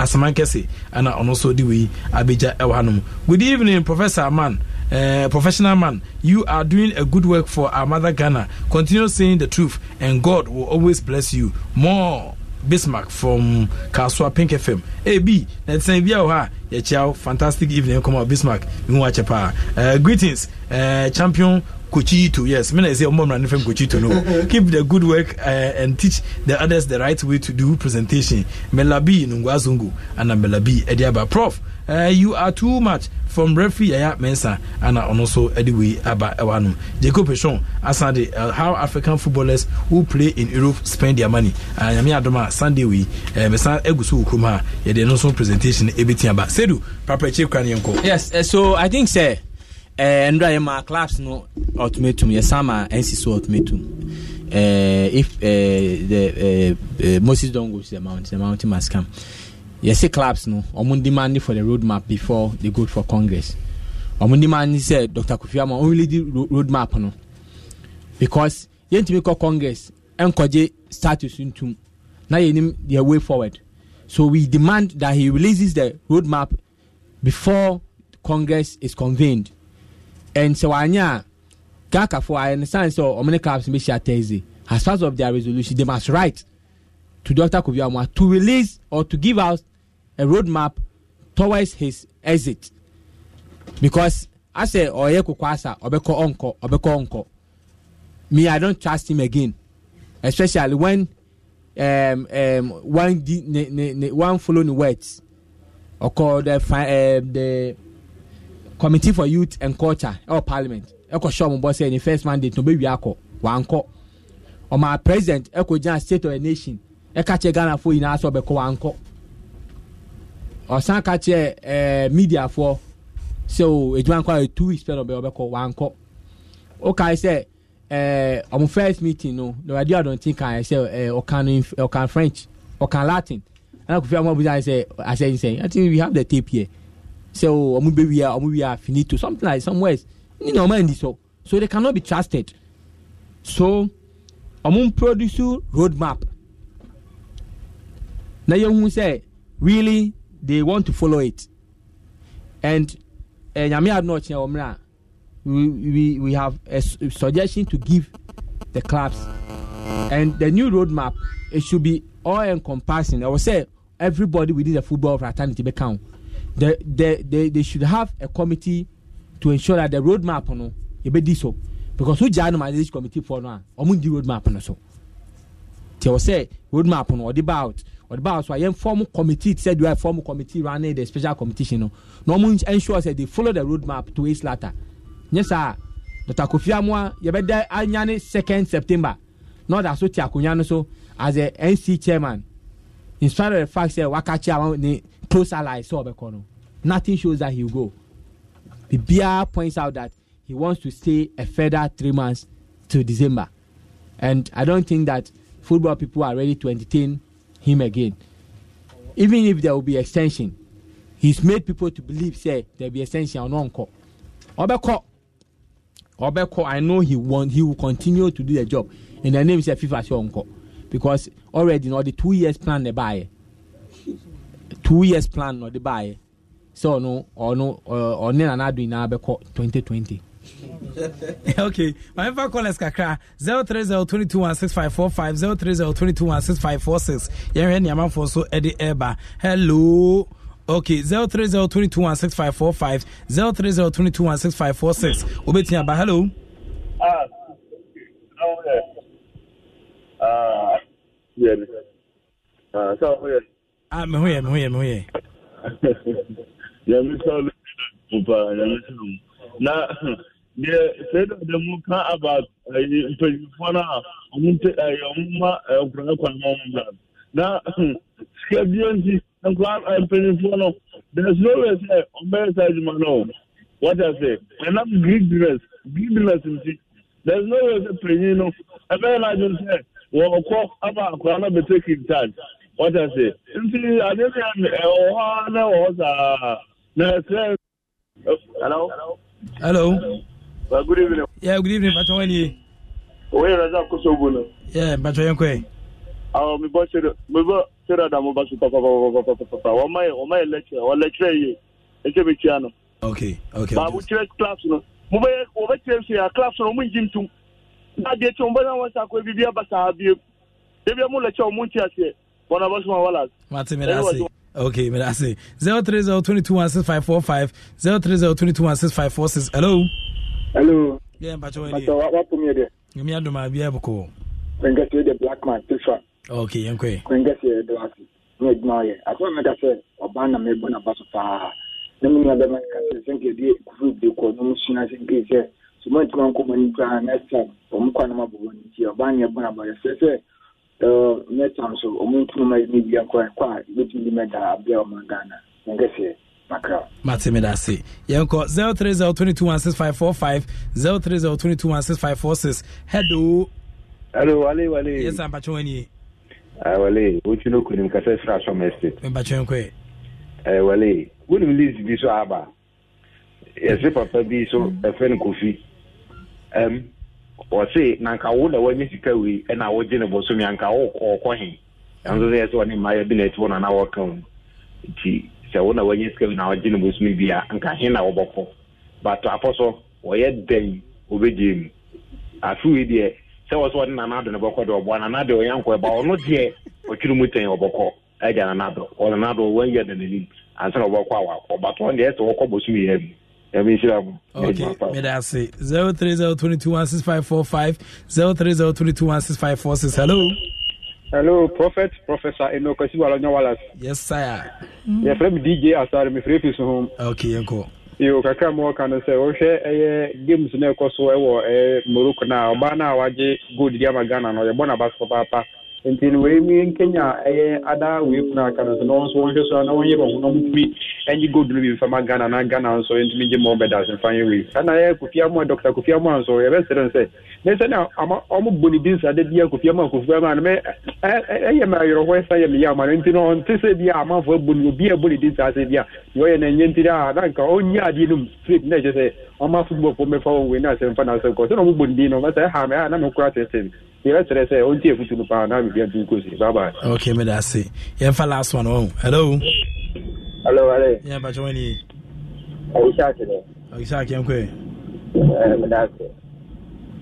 [SPEAKER 2] Asamankese and also the way Abija Ewanum. Good evening, Professor Man. Uh, eh, professional man, you are doing a good work for our mother Ghana. Continue saying the truth, and God will always bless you. More Bismarck from Kaswa Pink FM. AB, let's say via ha, yeah, ciao. Fantastic evening, come out Bismarck. chapa? Eh, greetings, uh, champion Kuchito yes. When I say mom Rani from kuchito no. [LAUGHS] Keep the good work uh, and teach the others the right way to do presentation. Melabi Nungwazungu and Melabi Ediaba. Prof, uh, you are too much from referee Yaya Mensa and onoso so Ediwe Aba Ewanu. Jacob Peshon, Asande, uh, how African footballers who play in Europe spend their money. And ah, Yami Adoma, Sunday we, Mesa Egusu Ukruma, onoso presentation, Ebitin Sedu, Papa Chief Kranyanko. Yes, uh, so I think, sir. Eh, ndra yɛ ma
[SPEAKER 4] claps no ultimatum yɛsan ma nc so ultimatum eh, if eh, the Moses don't go to the mountain, the mountain must come. You see clubs no, ọmọ demand for the roadmap before they go for Congress. ọmọ demand sẹ Dr. Kofi Amon only di roadmap no because yẹn ti mi Congress ẹnkọje status ntum na yẹn nim the way forward so we demand that he releases the roadmap before Congress is convened ɛnkyɛ wanyɛ a ghanafoɔ i understand sɛ ɔmo ne caps bɛ hyia thursday as part of their resolution they must write to dr kofi amwa to release or to give out a roadmap towards his exit because asɛ ɔyɛ koko asa ɔbɛkɔ ɔnkɔ ɔbɛkɔ ɔnkɔ me i don't trust him again especially when um, um, one di ne ne ne one follow the words ɔkɔ the uh, the committee for youth and culture ɛwɔ oh, parliament ɛkɔ hyɛ ɔmo bɔ sɛ ne first mandate no bɛwie akɔ wankɔ ɔmo president ɛkɔ gyina state of the nation ɛka kyerɛ ghana fo nyinaa sɛ ɔbɛkɔ wankɔ ɔsan ka kyerɛ ɛɛ eh, media foɔ sɛ o edwuma nkɔ ayɛ e two weeks pɛ na ɔbɛ ɔbɛkɔ wankɔ ɔkae sɛ ɛɛ eh, ɔmo first meeting no na ɔyɛ di adɔnti kan sɛ ɛɛ ɔkan no ɔkan french ɔkan latin ɛna kofi ɔmo abuja sɛ asɛnyi sɛnyi i think we have the tape here sɛ o ɔmo bɛ wia ɔmo wia finito something like somewhere ni na ɔmo andi so so they cannot be trusted so ɔmo produce road map na yɛn hu sɛ really they want to follow it and ɛ eh, nyame aduna ɔkyerɛ wɔn mìíràn we we we have a suggestion to give the clubs and the new road map it should be all encompassing i will say everybody within the football fraternity be count. They, they, the, they should have a committee to ensure that the roadmap, map no yɛbɛdi so because wogyaa normalization committee for no a ɔmo ndi roadmap, map no so nti ɛwɔ sɛ roadmap, map no ɔde ba out ɔde ba out so a yɛn form committee sɛ do a form committee running the special competition no na ɔmo ensure sɛ they follow the roadmap to its latter nyɛ saa dr kofi amoa yɛbɛda anya ne second september na ɔda so te akonnwa no so as a nc chairman in spite of the fact sɛ waka kye ne close ally sọ ọbẹ kọ nothing shows that he will go bibia points out that he wants to stay a further three months to december and i don't think that football people are ready to entertain him again even if there will be extension he's made people to believe say there will be extension on nkọ ọbẹ kọ i know he want he will continue to do the job in the name say fifa ṣe ọnkọ because already na ọ the two years plan ẹ báyẹ two years plan na ɔde baayɛ sɛ ɔno ɔno ɔne nana ado nyinaa bɛkɔ twenty twenty.
[SPEAKER 5] [LAUGHS]
[SPEAKER 2] okay my call is kakra 0302216545 0302216546 yɛhwɛ nneamanfoɔ so Eddie Eba. hello okay 0302216545 0302216546 wobɛtumi aba hello
[SPEAKER 3] ah, no, yeah. uh, yeah. Uh, so, yeah.
[SPEAKER 2] Ah, me hoye, me hoye, me hoye.
[SPEAKER 3] Yami sa olu pupa, me sa olu. Na, deɛ sɛ da da mu ka about mpanyinfoɔ no a ɔmo nte ɛyɛ ɔmo ma nkura kwan ma ɔmo bra na sika bia nti nkura mpanyinfoɔ no there's no way sɛ ɔbɛyɛ saa adwuma no what i say ɛnam greediness greediness nti there's no way sɛ panyin no ɛbɛyɛ n'adwene sɛ wɔkɔ ama not no bɛ take in charge wọ́n ṣe nti adébíyàn ẹ̀wọ̀ hɔ n'ẹ̀wọ̀ hɔ hello. hello. Well, good evening. yeah good evening bàtà wọ́n ni ye. òwe yẹrẹ sá kó sóògùn nù.
[SPEAKER 2] yeah bàtà yẹn kọ yẹ.
[SPEAKER 3] àwọn mi bọ ṣẹlẹ mi bọ ṣẹlẹ àdàmú bá sùn pàpàpàpàpàpàpà wọn má yẹ wọn má yẹ lẹkyẹ wọn lẹkyẹ yẹ ẹkẹ mi kíá nù. okay okay. bàbá kyerẹ class nù mo bẹ wọ bẹ kyerẹ sè ya class nù mo ń jí mi tum. n'adìyẹ tí mo bẹ náà wọn sàkó ebi bí abasa abiyẹ ebi ẹ mo lẹkyẹ wọn mo ń ti Bona bosh mo wala.
[SPEAKER 2] Mate mirase. Okay, mirase. 030221655 030221656. Hello. Hello. Yeah, mpacho wani. Mpacho wapo mi de. Ngemi adoma bia buko.
[SPEAKER 6] Kwenga se de black man tifa.
[SPEAKER 5] Okay, yankwe.
[SPEAKER 6] Kwenga se de asi. Ne gma ye. Aso me ka se oba na me bona baso pa. Ne mi na be man ka se senke di kufu de ko no sina senke se. Sumo ntuma ko mani pa na sa. Omukwa na mabugo ni ti oba ne bona ba se se mɛta nso ɔmo mfunuma yi ne wia kɔ ɛkɔ a bɛtumi mɛda abia ɔma ghana nkɛseɛ
[SPEAKER 2] matemi da six five four six. hello hello wale wale yɛsa mpatwe wani
[SPEAKER 7] ah, wale wotu no kunim kasɛ sra sɔm estate
[SPEAKER 2] mpatwe nkɔɛ
[SPEAKER 7] eh, wale wonim list bi so aba yɛse papa bi so ɛfɛ no kofi wɔse e na nka wo na w'ani sika wei ɛna wogye ne ya anka wɔkɔhe ɛnso sɛ yɛ sɛ wɔne mmaa bi na ɛti wo na wɔka wo nti sɛ wo na w'anya sika na wogye ne bosomi bi a nka he na wɔbɔkɔ bato apɔ so wɔyɛ dɛn wɔbɛgye mu afe sɛ wɔ sɛ bɔkɔ deɛ ɔboa ɔno deɛ ɔtwiri mu tɛn ɔbɔkɔ na ɔbɔkɔ a
[SPEAKER 2] medase 0302216545 0302216546 hello
[SPEAKER 7] hello prophet professor enokwasi walonyo wallace
[SPEAKER 2] yes sir mm. Mm-hmm. yɛfrɛ
[SPEAKER 7] me dj asare mefrɛ fi so hom
[SPEAKER 2] okay yɛnkɔ
[SPEAKER 7] yo kakra ma wɔka no sɛ wohwɛ ɛyɛ eh, games no ɛkɔ so ɛwɔ eh, eh, morocco no a ɔbaa no a wagye gold di ama ghana no yɛbɔ no abaso papaapa
[SPEAKER 1] nti eh, no wei mi nkenya ɛyɛ ada wei
[SPEAKER 7] funu aka no so na ɔnso wɔnhwɛ so a na wɔnyɛ wɔn ho na wɔntumi ɛnyi gold no bi nfa ma ghana na ghana nso ntumi gye ma ɔbɛda ase nfa yɛ wei ɛna ɛyɛ kofi amu a dɔkita kofi amu a nso yɛbɛsere nsɛ ne nsɛ na ama ɔmo bɔ ne bi nsade bi a kofi amu a kofi amu a no mɛ ɛyɛ mɛ ayɔrɔhɔ ɛsa yɛ mɛ yɛ ama no nti no ɔnte sɛ bi a amanfo ebu ne obi ebu ne di nsa ase bi yɛ ɔyɛ na nye nti a na nka ɔnyi adeɛ no mu straight na ɛkyɛ sɛ ɔmo afubɔ fo mɛfa wɔn wei na asɛm fa na asɛm kɔ sɛ na ɔmo bɔ ne bi no ɔmo sɛ ɛha mɛ a na mɛ kura tɛntɛn yɛbɛsere sɛ ɔnti efutu no paa na mi obi adu
[SPEAKER 2] kosi bye bye. okay mi da se yẹn fa last one ọhún oh. hello. hello ale. yẹn bàtí wọn ni. ọyí sáàkì ni. ọyí sáàkì yẹn kọ ẹ. ẹ mi
[SPEAKER 6] da se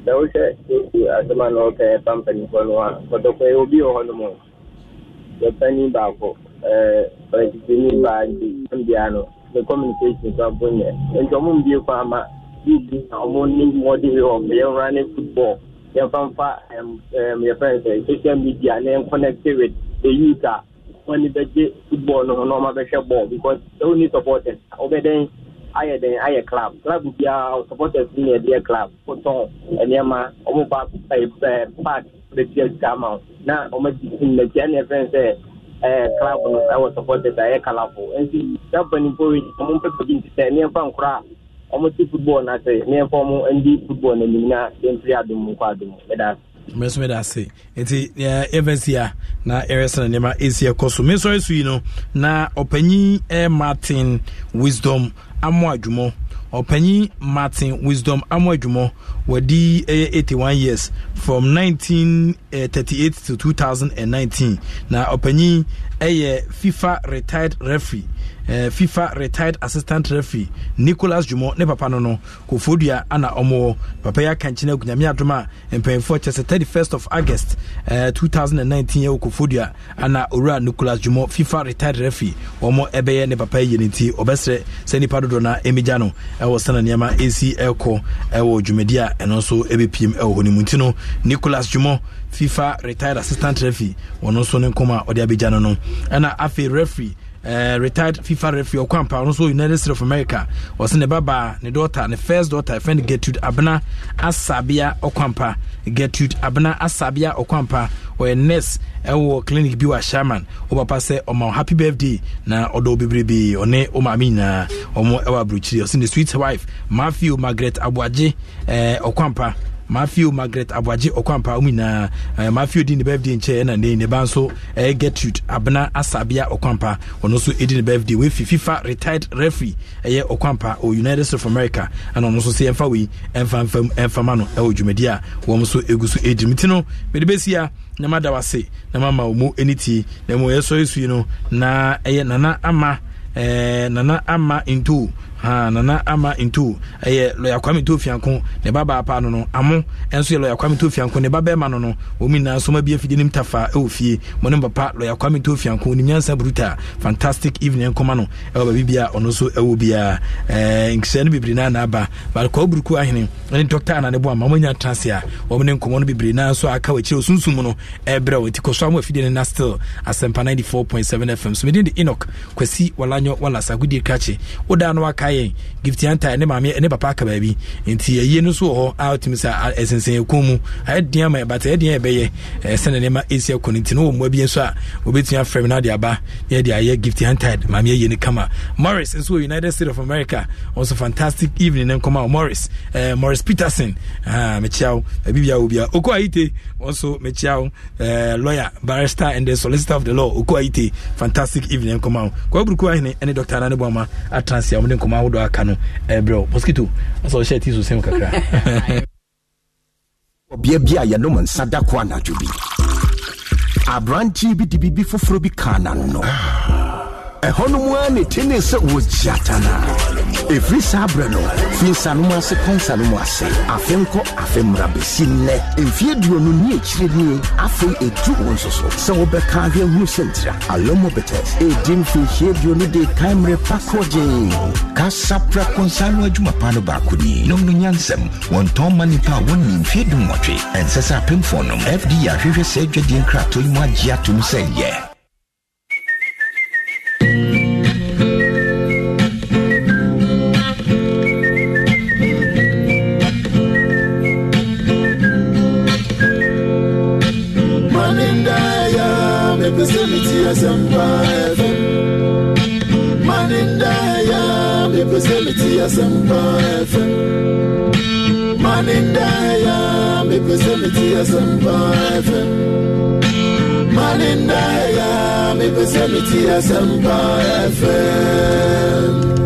[SPEAKER 6] na o sẹ eku asọmọ na ọkẹ pampanifọ no oh. eh, a kọtọkọ ẹ obi wọ
[SPEAKER 7] hɔ nom yɛpani baako ɛɛ ɔyɛtitini baa nti mbea no ne communication so abo nyɛ nti ɔmo mbie kɔ ama bi bi na ɔmo ne mmɔden wɔ ɔmo yɛ nwura ne football yɛmfamfa yɛfrɛ sɛ social media na yɛnconnecte with the youth a wɔne bɛgye football no ho na ɔma bɛhwɛ ball because sɛ wonni supporters wobɛdɛn ayɛ dɛn ayɛ club club biara supporters no ne yɛdeɛ club wotɔn nneɛma ɔmo ba park bɛtua sika ma wo na ɔmagye tim natia ne yɛfrɛ sɛ club no eh, ɛwɔ supporters a ɛyɛ kalafo nti sɛ mpanimpo wei ɔmompɛ pagi nti sɛ nneɛmfa nkora a ɔmo ti football na sɛ ne yɛn ɔmo ndi football na nim na yɛn firi adumu nkɔ adumu ɛda.
[SPEAKER 2] mmɛsɔn ɛda ase nti ɛfɛsi a na ɛrɛsɛn nneɛma esi ɛkɔ so mmɛsɔn esu yi no na ɔpanyin ɛ eh, martin wisdom amu adwumɔ ɔpanyin martin wisdom amu adwumɔ wɔdi ɛyɛ 81 years from 1938 eh, to 2019 na ɔpanyin ɛyɛ fifa retired referee uh, fifa retired assistant referee nicholas jumo ne papa no no kofodua ana ɔmowɔ papa yi aka nkyene agunyame adom a mpanyimfoɔ kyɛ sɛ 31st of august uh, 2019 ɛwɔ kofodua ana owura nicholas jumo fifa retired referee wɔn ɛbɛyɛ ne papa yi yɛ ne ti ɔbɛsrɛ sɛ nipa dodoɔ na ɛmɛgya no ɛwɔ sɛnɛ nneɛma ɛsi ɛkɔ ɛwɔ dwumadi a na ɛno nso bɛpiem wɔ hɔ no mu nti no nicolas dwumɔ fifa retired assistant referee wɔno nso ne nkɔm a ɔde abɛgya no no ɛna afei referee Eh, retired FIFA referee Okwampa also United States of America was in the baba the daughter the first daughter a friend Gertrude Abna Asabia Okwampa Gertrude Abna Asabia Okwampa or a nurse clinic bi wɔ sherman wɔpapa oh, sɛ ɔma oh, happy birthday na ɔdɔ bebrebe ɔne ɔmaame nyinaa ɔmo ɛwɔ aburokyiri ɔsɛ the sweet wife matthew margaret Abuaje eh, ɛɛ mafio margaret aboagye ɔkwampa wɔn nyinaa uh, eh, mafio di ne birthday nkyɛn ɛna ne ne ba nso ɛyɛ uh, eh, gertrude abena asabea ɔkwampa ɔno nso di birthday wefi fifa retired referee ɛyɛ eh, ɔkwampa o united states of america ɛna ɔno nso sɛ yɛmfa wei ɛmfa mfam ɛmfama no ɛwɔ dwumadi a wɔn nso egu so edi mu ti no mede besi a na ma da wase na ma ma wɔn na mo yɛ sɔ esu na ɛyɛ nana ama ɛɛ nana ama ntoo. ha nana ama ntu ɛyɛ lɔya kwame to fianko ne ba baapa no no amo ɛnso yɛ lɔya kwame to fianko ne ba ma no no wɔn nyinaa nso ma bi afidie nim tafa ɛwɔ e fie wɔn ne papa lɔya kwame to fianko onim nyansa bruta fantastic evening e nkɔma no ɛwɔ e baabi bia ɔno nso ɛwɔ bia ɛɛ eh, nkisɛ no bebree naa naaba baako buruku ahene ɛne dɔkta bo ama wɔn nyinaa transe a wɔn ne nkɔmɔ no bebree naa nso aka wɔ akyire osunsun mu no ɛɛbrɛ wɔn ti kɔsɔ amu afidie no na still asɛmpa ninety four point seven fm so mi de enoch kwasi wala walasa agudie kakye wodaa no aka yɛn gift anta ne maame ne papa aka baabi nti ayie no nso wɔ hɔ a wotumi sɛ ɛsensɛn ɛkɔn mu ayɛ deɛ ma but ɛyɛ deɛ ɛbɛyɛ sɛne nneɛma ɛsi akɔ no nti na wɔ mmoa bi nso a wɔbɛtumi afrɛ na ade aba na yɛde ayɛ gift anta maame ayie no kama morris nso wɔ united states of america also fantastic evening ne nkɔmɔ a morris ɛɛ morris peterson ɛɛ mɛkyiaw ɛbi bia obi Oku okɔ ayite also mɛkyiaw ɛɛ lawyer barrister and the solicitor of the law Oku ayite fantastic evening nkɔmɔ a kɔ aburuku ahene ɛne dr ananibuama atansi a wɔde nkɔmɔ nneɛma ahodoɔ aka no ɛbrɛ mosquito ɛsɛ ɔhyɛ ti so sɛm kakra [LAUGHS] ɔbea bi a yɛnom nsa da ko anadwo bi
[SPEAKER 1] aberanteɛ bi de biribi foforɔ bi kaa nano ah ɛhɔ no mu ara ne tene sɛ
[SPEAKER 2] wɔgyia ɛfiri saa berɛ no fi nsanom ase kɔ nsanom ase afe nkɔ afe mmara bɛsi nnɛ mfeɛ duonu ne akyire nie afei ɛdu wo nso so
[SPEAKER 8] sɛ wobɛka ahwɛ hunu sɛ ntira alomo betes ɛdi mfirihyia de kae mmerɛ pa kɔgyee kasapra kɔnsa no adwuma pa no baako ni nom no nyansɛm wɔntɔn
[SPEAKER 1] ma nnipa a wɔnni mfeɛ dumwɔtwe ɛnsɛ sɛ apemfoɔ nom fd ahwehwɛ saa adwadeɛ nkratoyi mu agye atom sɛ yɛ
[SPEAKER 8] Man man in me asempa fm maninda ya mepesɛmeti asempa fm maninda ya mepesɛmeti asempa fm maninda ya mepesɛmeti asempa fm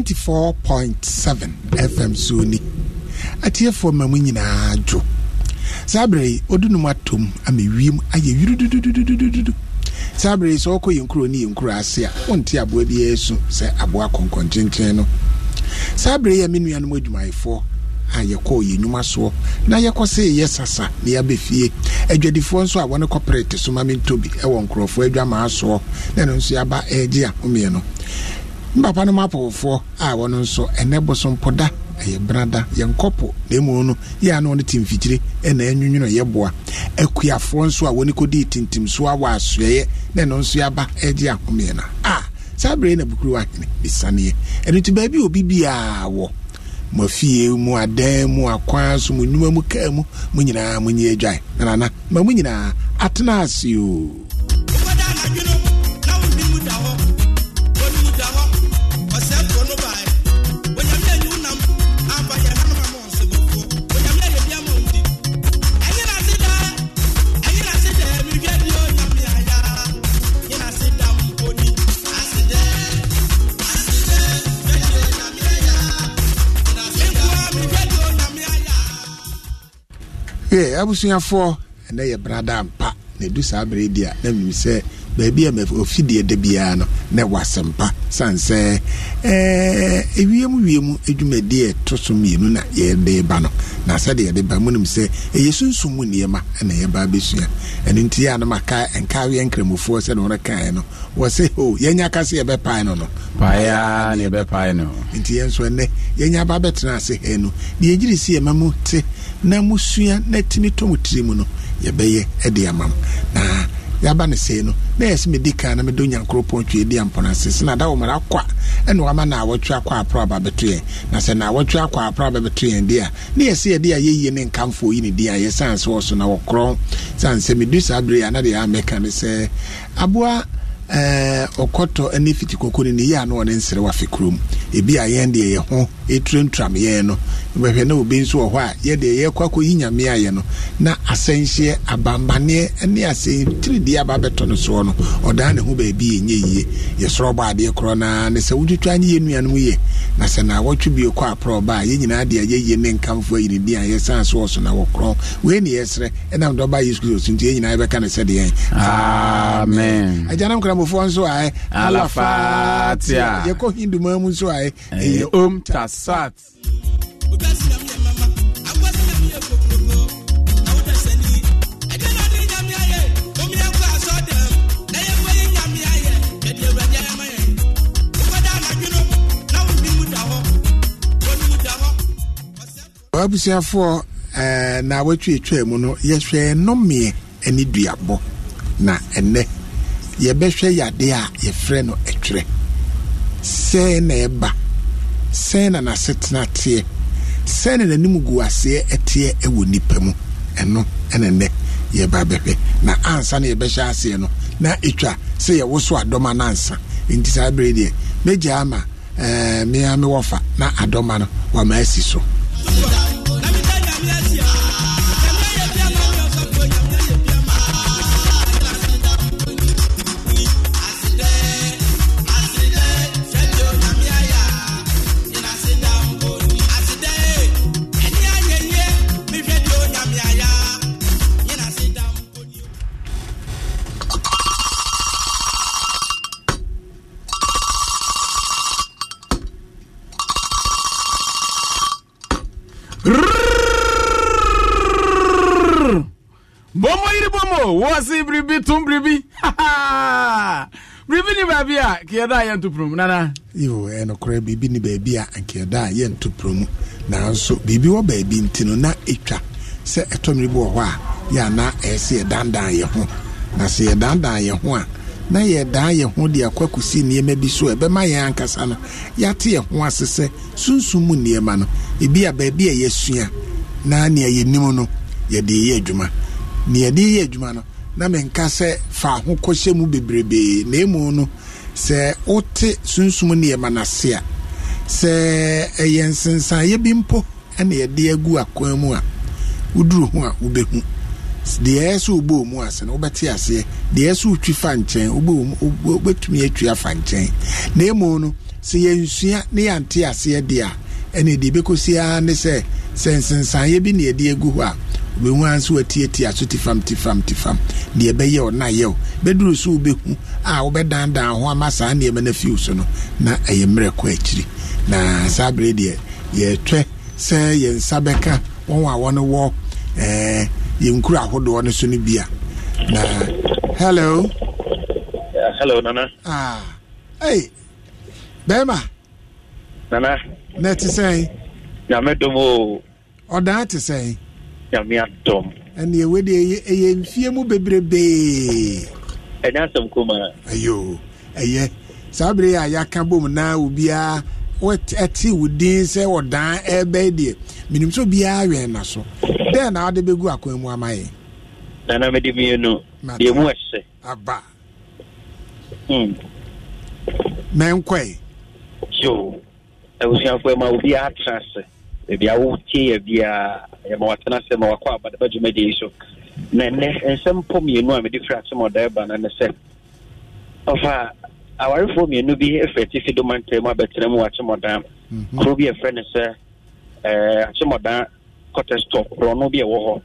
[SPEAKER 8] 94.7 fm so ni atiefoɔ ma mu nyinaa dwo saa berɛ yi ɔde nom atom ama wiem ayɛ wirududududududu saa berɛ yi sɛ wɔkɔ yɛn kuro ne yɛn kuro ase a wonte aboa biara su sɛ aboa kɔnkɔnkyenkyen no saa berɛ yi a me nuanom adwumayɛfoɔ a yɛkɔɔ yɛn nnwuma soɔ na yɛkɔsee yɛ sasa na yɛabɛfie adwadifoɔ nso a wɔne kɔprɛte so ma me ntɔ bi ɛwɔ nkurɔfoɔ adwamaa soɔ na ɛno nso yɛaba ɛregye ahomee no mpapa no mu a wɔno nso ɛnɛ boso mpo da ɛyɛ benada yɛnkɔpo na mu no yɛ a na ɔne te mfitire ɛna ɛnwunwene yɛboa akuafoɔ nso a wɔne kɔdii tintimsoa wɔ asoɛeɛ na ɛno nso yɛaba ɛgye ahomeɛ no a saa berɛ na bukuru wahene bisaneɛ ɛno nti baabi obi biaa wɔ mo afie mu adan mu akwan so mu nnwuma mu kaa mu mo nyinaa monyɛ adwae nanana ma mo nyinaa atena ase oo ok abusuafoɔ ɛnɛ yɛ brada mpa na edu saa bere di a na mmiri sɛ baabi a ofidie da biara no na ɛwɔ asɛmpa san sɛ eh, wiem adwumadie ɛto so mmienu na yɛde ba no na sɛde yɛde ba mu nim sɛ ɛyɛ sunsun mu nneɛma ɛna yɛba abɛsua ɛno nti a no ma ka nkramofoɔ sɛ na wɔn kaeɛ no wɔ sɛ o oh, yɛnya ka sɛ yɛbɛpae no no paeɛ na yɛbɛpae no nti yɛn nso ɛnɛ yɛnya ba abɛtena ase hɛ no deɛ egyiri si yɛma mu te na musua na tumi tɔn tiri mu no yɛbɛyɛ ɛde ama mu naa yaba ne sei no na yɛsɛ medi kan na medɔ nyankoropɔn twe di ampɔn ase sɛ nada wɔ mmara kɔ a ɛne wama na awɔtwe akɔ aprɔ aba bɛto yɛn na sɛ na akɔ aprɔ aba bɛto yɛn de a na yɛsɛ yɛde a yɛyie ne nkamfo yi ne din a yɛsan sɛ wɔ so na wɔkorɔn san sɛ medu saa berɛ a na deɛ amɛka ne sɛ aboa ɛɛ ɔkɔtɔ ne fitikoko ne ne yie a na wɔne nsere wafe kurom ebi a yɛn deɛ yɛ ho ɛturanturam yɛn no bɛhwɛ na obi nso wɔ hɔ a yɛde yɛkɔ akɔyi nyame ayɛ no na asɛnhyeɛ abambaneɛ ne asɛntirideɛ aba bɛtɔ no soɔ no ɔdaa ne ho baabi yɛnyɛ yie yɛsorɔ bɔ adeɛ korɔ naa ne sɛ wotutu anye yɛ nuanom yɛ na sɛ nawɔtwe bio kɔ aprɛ ɔba a yɛn de ayɛyie ne nkamfo ayiridi a yɛsan so wɔ so na wɔkorɔn wei ne yɛserɛ ɛnam dɔba yesu kristo so nti yɛn yɛbɛka ne
[SPEAKER 9] sɛdeɛ amen
[SPEAKER 8] agyanam kramofoɔ nso aɛ alafatia yɛkɔ hindumaa mu nso aɛ ɛyɛ om sat. abusuafoɔ ɛɛ eh, na awɔtwe etwa mu no yɛhwɛ nnɔmmeɛ ɛne duabɔ na ɛnɛ yɛbɛhwɛ yadeɛ a yɛfrɛ no ɛtwerɛ sɛɛ na ɛba sɛn na n'asetena teɛ sɛn na n'anim gu aseɛ teɛ wɔ nipa mu ɛno ɛna nnɛ yɛba abɛhwɛ na ansa na yɛbɛhyɛ aseɛ no na etwa sɛ yɛwoso adɔma nansa nti saa bere deɛ megyaa ama ɛɛ mmea mi fa na adɔma no wama esi so.
[SPEAKER 9] bomo yiri bomo wɔsi biribi tum biribi biribi ni baabi a kiyada a yɛnto prom nana
[SPEAKER 8] iwo ɛnokorɛ biribi ni baabi a kiyada a yɛnto prom nanso biribi wɔ baabi nti no na ɛtwa sɛ ɛtɔmmere bi wɔ hɔ a yɛ ana ɛyɛ sɛ yɛ ho na sɛ yɛdandan yɛ ho a na yɛdaa yɛ ho deɛ akɔ akɔsi nneɛma bi so ɛbɛma yɛn ankasa no yate yɛ ho ase sɛ sunsum mu nneɛma no ebi a baabi a yɛasua na nea yɛnim no yɛde yɛ adwuma nea yɛde yɛ adwuma no na nka sɛ fa ho kɔhyɛ mu bebrebee na emu no sɛ wote sunsum nneɛma n'ase a sɛ ɛyɛ nsensaneɛ bi mpo ɛna yɛde agu akwan mu a woduru ho a wobɛhu deɛ ɛsɛ obo mu ase no wobɛte aseɛ deɛ ɛsɛ otwi fa nkyɛn wobɛtumi atwi afa nkyɛn na emu no sɛ yɛnsua ne yɛante aseɛ deɛ a ɛna deɛ ebɛkɔsi ara ne sɛ sɛ nsensaneɛ bi na yɛde agu hɔ a obi a nso watietie aso tifam tifam tifam deɛ ɛbɛyɛ wo na yɛwo bɛduru so wobɛhu a wobɛdandan ho ama saa nneɛma no afiw so no na ɛyɛ mmerɛ kɔ akyiri na saa berɛ deɛ yɛtwɛ sɛ yɛn nsa bɛka wɔn a wɔn wɔ ɛɛ eh, yɛn nkuro ahodoɔ no so no bia na hello.
[SPEAKER 7] Yeah, hello nana.
[SPEAKER 8] ah hey bɛrima. nana. na ɛte sɛn. nyame dum o. ɔdan te sɛn. nyame adɔm ɛne ɛwe deɛ ɛyɛ mfie mu bebrebee ɛne asɛm koma ayo ɛyɛ saa bere a yɛaka bom na obiaa ɛte wo din sɛ wɔdan ɛbɛyɛ deɛ menim sɛ obiaa wɛn na so dɛn na wode bɛgu akwan mu ama yɛ
[SPEAKER 7] nana mede mmienu deɛ mu ɛhyɛ aba hmm. mɛnkɔe yo abusuafoɔ ma obiaa tra sɛ E baabi eh, a wotie biara yɛma watena sɛ ma wakɔ aba daba dwumadie so na nnɛ nsɛm mpo mmienu a mede firi asɛm ɔda ɛba no ne sɛ ɔfa awarefoɔ mmienu bi ɛfiri atifi domantaa mu abɛtena mu wɔ akyemɔdan kuro bi ɛfrɛ no sɛ akyemɔdan kɔtɛ stop korɔno bi ɛwɔ hɔ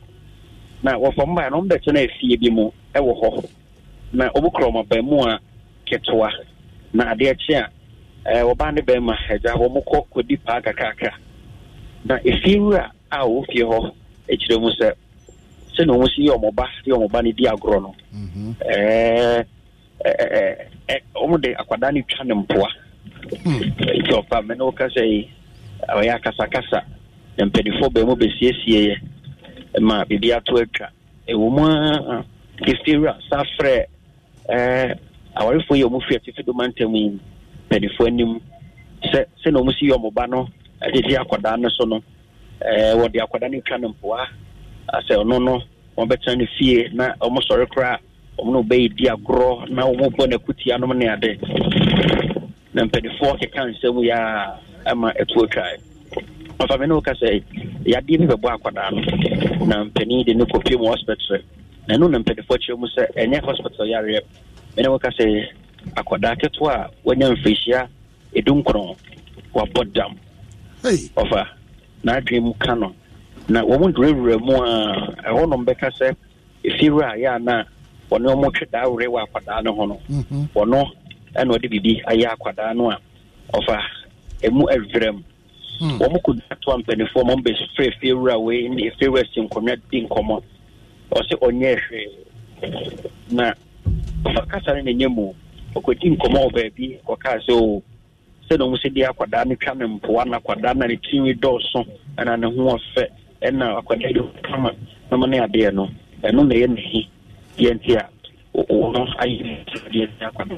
[SPEAKER 7] na wɔfa mbaa no mbɛtena efie bi mu ɛwɔ hɔ na ɔbokora ɔmaba mu a ketewa na adeɛ kye eh, a wɔbaa ne bɛrima agya eh, wɔmokɔ kɔdi paa kakraka na efi wura a wɔn fie hɔ ekyirɛ mu sɛ sɛ na wɔn si yɛ wɔn ba yɛ wɔn ne di agorɔ no ɛɛ ɛɛ wɔn de akwadaa ne twa ne mpoa nti hmm. ɔpa mɛ na ɔkasa yi ɔyɛ akasakasa na mpanimfoɔ bɛn mu bɛsiesie yɛ ma bibi ato atwa ɛwɔ mu a efi wura eh, eh, saa frɛ ɛɛ eh, awarefoɔ yɛ wɔn fi atifi do yi mpanimfoɔ anim sɛ sɛ na wɔn si yɛ wɔn no adidi akwadaa no so no eh, wɔde akwadaa no twa no mpoa asɛ ɔno no wɔbɛtena no fie na ɔmosɔre koraa ɔmo no bɛyɛ di agorɔ na ɔmo bɔ n'akutia nom ne ade na mpanimfoɔ keka nsɛm yi a ɛma ɛtuo twae ɔfame no woka sɛ yadeɛ bi bɛbɔ akwadaa no na mpanin de no kɔpie mu hospital na ɛno na mpanimfoɔ kyerɛ mu sɛ ɛnyɛ hospital yareɛ mene woka sɛ akwadaa ketewa a wanya mfirihyia ɛdu nkron wabɔ dam ɔfa n'adwene mu ka no na wɔn nwurawura mu a ɛhɔ nom bɛka sɛ efiwura ayɛ ana wɔne wɔn twe daa were wɔ akwadaa no ho no mhm. wɔno ɛna ɔde biribi ayɛ akwadaa no a ɔfa emu ɛwerɛ mu wɔn kò dato a wɔn bɛ si nkɔmia di nkɔmɔ ɔnyɛ na ɔfa na ɔkɔ di nkɔmɔ baabi ɔkaa sɛ o. sɛdeɛ ɔmo sɛ de akwadaa no twa ne mpoa na akwadaa na ne tinwi dɔɔso ɛna ne ho ɔfɛ ɛna akwadaa de kama na mo ne adeɛ no ɛno na ɛyɛ ne hi deɛ nti a wɔn ayɛ ne akwadaa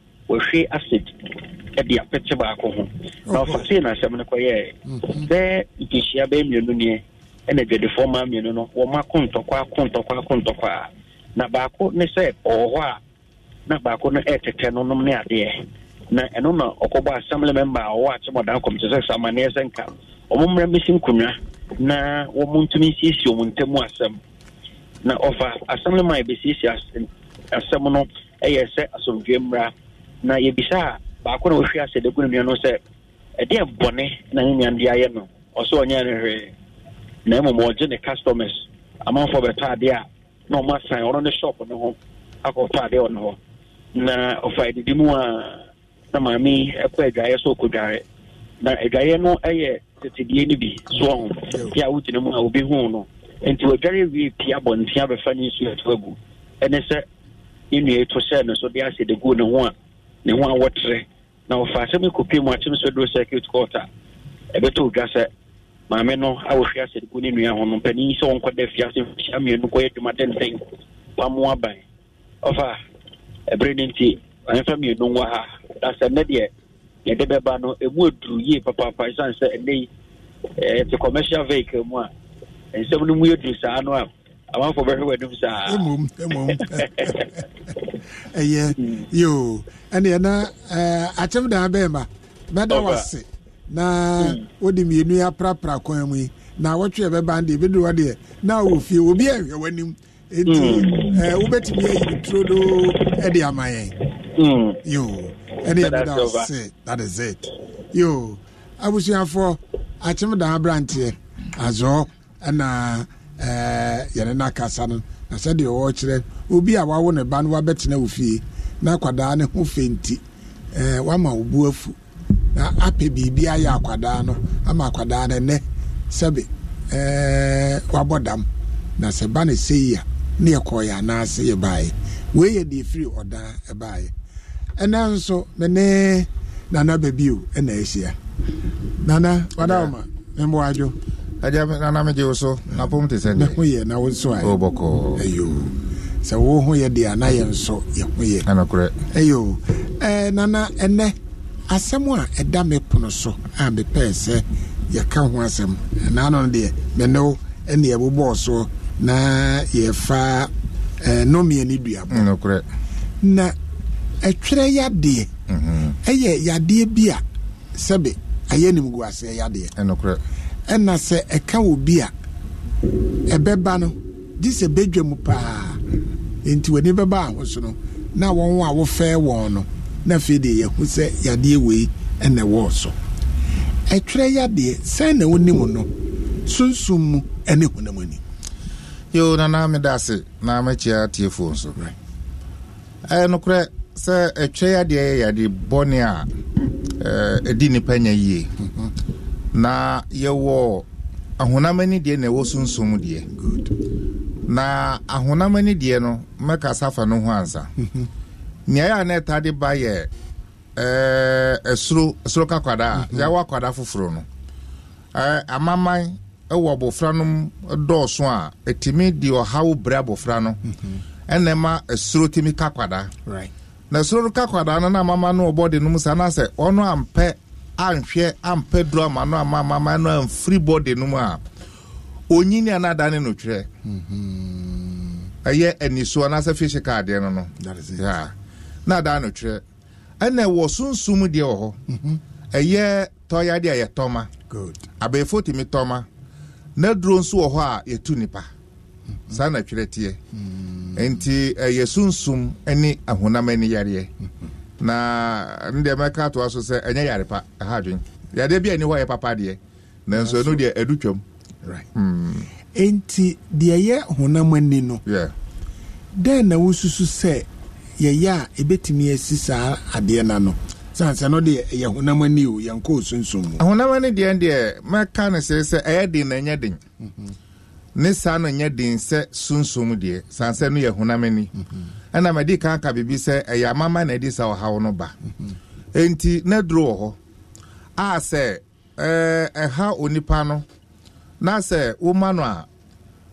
[SPEAKER 7] wɔhwɛ acid ɛde apɛte baako ho na ɔfa sei na no kɔyɛɛ bɛɛ mhm. nkehyia bɛɛ mmienu neɛ ɛna adwadifoɔ maa mmienu no wɔma ko ntɔkwa ko ntɔkwa ntɔkwa na baako ne sɛ ɔwɔ hɔ a na baako no ɛɛtetɛ no nom na ɛno na ɔkɔbɔ assembly member a ɔwɔ sɛ sɛ nka na ntumi asɛm na ɔfa assembly asɛm no na yɛbisa baako na wɔhwɛ asɛdeku no nua no sɛ ɛdeɛ bɔne na ne di ayɛ no ɔsɛ ɔnyɛ hwee na mmom ɔgye ne customers amanfoɔ bɛtɔ adeɛ a na ɔma san ɔno ne shop no ho akɔtɔ adeɛ ɔno hɔ na ɔfa adidi mu a na maame ɛkɔ adwaeɛ sɛ ɔkɔdware na adwaeɛ no no bi soɔ ho wogyina mu a wobɛhu no nti wie pi abɔntea bɛfa ne nsuo ato agu ɛne sɛ ne nua so ne ho a na wɔfa asɛm kɔpie mu akyem sɛ duro circuit court a ɛbɛtɔ odwa sɛ maame no a wɔhwe asɛde gu ne nua ho no mpanin sɛ wɔnkɔda afiase mfia mmienu kɔyɛ adwuma dɛnsɛn pamo aban ɔfa ɛberɛ no nti amfa mmienu wɔ ha na sɛ nnɛ deɛ yɛde bɛba no ɛmu aduru yie papaapa ɛsiane sɛ ɛnɛ yi ɛte commercial vehicle mu a nsɛm no mu yɛduru saa no a amanfo bɛhwɛ w'anim saa mmom
[SPEAKER 8] mmom ɛyɛ yo ɛneɛ na akyɛm daa bɛɛ ma mɛda wase na wode mmienu yi aprapra kwan mu yi na wɔtwe ɛbɛba deɛ bɛduru hɔ deɛ na wɔ fie obi ɛhwɛ w'anim nti wobɛtumi ayi turo do de ama yɛn yo ɛneɛ mɛda wase that is it yo abusuafoɔ akyɛm daa aberanteɛ azɔ ɛna yɛn eh, yɛne no no na sɛdeɛ ɔwɔ kyerɛ obi a wawo ne ba no wabɛtena ofie fie na akwadaa ne ho fɛ nti ɛɛ eh, wama obu afu na apɛ biribi ayɛ akwadaa no ama akwadaa no ɛnɛ sɛbe ɛɛ eh, wabɔ dam na sɛ ba ne sɛ a ne yɛkɔɔyɛ anaasɛ yɛbaeɛ wei yɛ deɛ firi ɔdaa ɛbaeɛ ɛnɛ nso me ne nana baabio ɛna ehyia nana wada wo ma memboadwo agya nanam gye wo so napom te sɛ deho na wo nso a sɛ wo yɛ deɛ ana yɛ nso yɛho yɛ anokorɛ nana ɛnɛ asɛm a ɛda me pono so a mepɛɛ sɛ yɛka ho asɛm ɛnaa no deɛ mene wo ɛne soɔ na yɛfa na ɛtwerɛ yadeɛ mhm. ɛyɛ yadeɛ bi a sɛbe ayɛ nimguaseɛ yadeɛ ɛnokorɛ ɛna sɛ ɛka wɔ bi a ɛbɛba no gye sɛ bɛdwa mu paa nti w'ani bɛba ahoso no na wɔn a wɔfɛɛ wɔn no na afei deɛ yɛho sɛ yadeɛ wei ɛna ɛwɔ so ɛtwerɛ yadeɛ sɛn na wɔnim no sunsun mu ɛne honam
[SPEAKER 10] ani. yoo nana mi da ase na mɛkyia tiefo nso ɛyɛ nokorɛ sɛ ɛtwerɛ yadeɛ yɛ yadeɛ bɔne a ɛdi nipa nya yie. na yɛwɔ ahonam ani deɛ na ɛwɔ sunsun deɛ na ahonam ani deɛ no mɛkasa afa no ho ansa mhm. nea yɛ a na ɛta de ba yɛ ɛɛ ɛsoro ɛsoro ka kwadaa mhm. yɛawɔ akwadaa foforɔ no ɛɛ amaman ɛwɔ abɔfra no dɔɔso a ɛtumi de ɔhaw brɛ abɔfra no mhm. ɛna ɛma ɛsoro tumi ka na ɛsoro no no na Amaman no ɔbɔ de no mu sa na sɛ ɔno ampɛ anhwɛ ampɛ duro ama no ama ama ama no amfiri bɔdi no mu a onyini anada ne no twerɛ mhm. ɛyɛ anisoɔ n'asɛ fihyɛ kaadeɛ no no na ada no twerɛ ɛna ɛwɔ sunsun deɛ wɔ hɔ mhm. ɛyɛ tɔya deɛ yɛ tɔma abɛɛfo tèmi tɔma na duro nso wɔ hɔ a yɛtu nipa mhm. saa na twerɛ teɛ nti ɛyɛ sunsun ɛne ahonam ɛne yareɛ. na ndị emeka atụ asụ sị enye yare pa ha adwene yade bi ani hɔ yɛ papa deɛ nanso ɛnu deɛ ɛdu twam.
[SPEAKER 8] Hmm. nti deɛ yɛ honam ani no dɛn na wosusu ya yɛyɛ a ebetumi esi saa adeɛ na no sansan no deɛ yɛ honam ani o yɛn kɔ osunsun mu.
[SPEAKER 10] honam ani deɛ deɛ mɛka na sɛ sị ɛyɛ den na ɛnyɛ den mhm. ne saa na nyɛ den sɛ sunsun deɛ sansan no yɛ honam ani. Mm -hmm. ɛna mɛdi kan ka biribi sɛ ɛyɛ amama na ɛdi sa ɔhaw no ba nti ne duro wɔ hɔ a sɛ ɛɛ ɛha onipa no na sɛ woma no a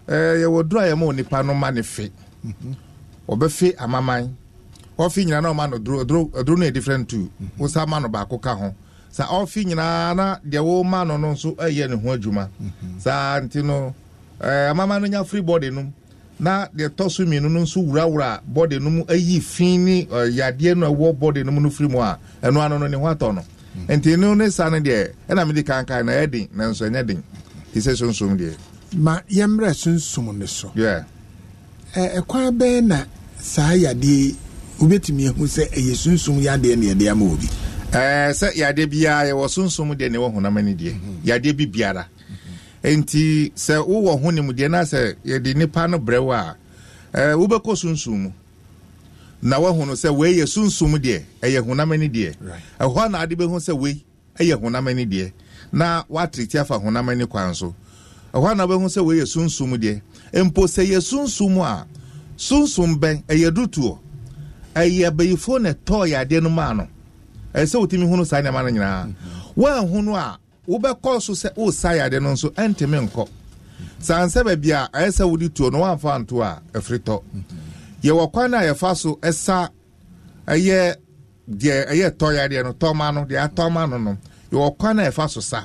[SPEAKER 10] ɛɛ yɛwɔ duro a yɛma onipa no ma ne fe ɔbɛfe amaman ɔfi nyinaa na ɔma no duro duro duro no yɛ different too wosa ma no baako ka ho sa ɔfi nyinaa na deɛ woma no no nso ɛyɛ ne ho adwuma saa nti no ɛɛ amama no nya free body no na deɛ ɛtɔ so mmienu no nso wurawura bɔde no mu ayi fi ne yadeɛ no ɛwɔ bɔde no mu no firi mu a ɛno ano no ne ho atɔ no nti no ne sa no deɛ ɛna mede kankan na ɛyɛ den nanso ɛnyɛ den te sɛ sonsom deɛ
[SPEAKER 8] ma yɛmmerɛ sonsom ne so ɛkwan bɛɛ na saa yadeɛ wobɛtumi ahu sɛ ɛyɛ sunsun yadeɛ ne yɛde ama obi
[SPEAKER 10] ɛɛ sɛ yadeɛ biara yɛwɔ sunsun deɛ ne ɛwɔ honam ani deɛ mhm. yadeɛ bi biara nti sɛ wowɔ ho nimdeɛ na sɛ yɛde nipa no brɛ wo a eh, wobɛkɔ sunsum mu na woahu no sɛ wei yɛ sunsum deɛ ɛyɛ honam ani deɛ ɛhɔ na ade bɛhu sɛ wei ɛyɛ honam ani deɛ na woatrete afa honam ani kwan so ɛhɔ na wobɛhu sɛ wei yɛ sunsum deɛ mpo sɛ yɛ sunsum a sunsum bɛn ɛyɛ dutuo ɛyɛ bɛyifo na ɛtɔɔ yɛ adeɛ no maa no ɛsɛ wotumi hunu saa nneɛma no nyinaa mhm. woanhu no a wobɛkɔ so sɛ wosa yadeɛ no nso ɛntimi nkɔ san sɛ baabi a ɛyɛ sɛ wode tuo no woamfa nto a ɛfiri tɔ yɛwɔ kwan no a yɛfa so ɛsa ɛyɛ deɛ ɛyɛ tɔ yadeɛ no tɔma no deɛ atɔma no no yɛwɔ kwan no a yɛfa so sa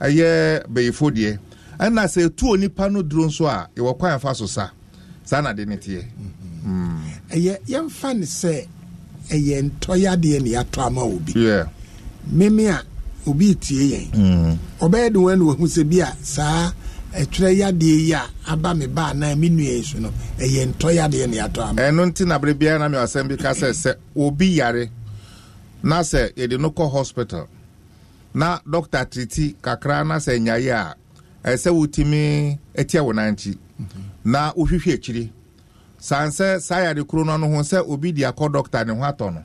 [SPEAKER 10] ɛyɛ bɛyifo deɛ ɛna sɛ ɛtuo nipa no duro nso a yɛwɔ kwan yɛfa so sa saa na de ne teɛ mm.
[SPEAKER 8] ɛyɛ yɛmfa ne sɛ ɛyɛ ntɔ yadeɛ ne yɛatɔ ama obi meme a obi tie yɛn mm. ɔbɛyɛ de wɔn ani wɔn sɛ bi a saa ɛtwerɛ yadeɛ yi a aba me ba anaa me nua yi so no ɛyɛ ntɔ yadeɛ ne atɔ ama. ɛno nti
[SPEAKER 10] na abere biara na mi asɛm bi ka sɛ sɛ obi yare na sɛ yɛde no kɔ hospital na doctor titi kakra na sɛ nya yi a ɛsɛ wotumi ɛtia wɔn ankyi na wohwehwɛ akyiri sanse saa yare kuro no ano ho sɛ obi di akɔ doctor ne ho atɔ no.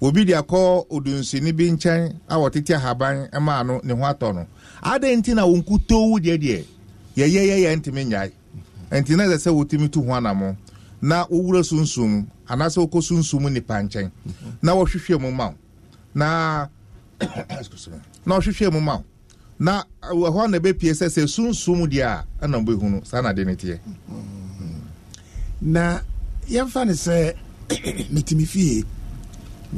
[SPEAKER 10] obi de akɔ odunsini bi nkyɛn a wɔtete ahaban ma ano ne ho atɔ no adan nti na wɔn kutow deɛ deɛ yɛyɛyɛyɛ ntumi nyae nti na ɛsɛ sɛ wɔtumi tu ho anamo na wɔwura sunsun anaasɛ wɔkɔ sunsun nipa nkyɛn na wɔhwehwɛ mu ma na [COUGHS] na ɔhwehwɛ mu ma na ɛhɔ na ɛbɛpie sɛ sɛ sunsun deɛ a ɛna ɔbɛhu no saa na adeɛ ne teɛ. na yɛmfa ne
[SPEAKER 8] sɛ [COUGHS] metumi fie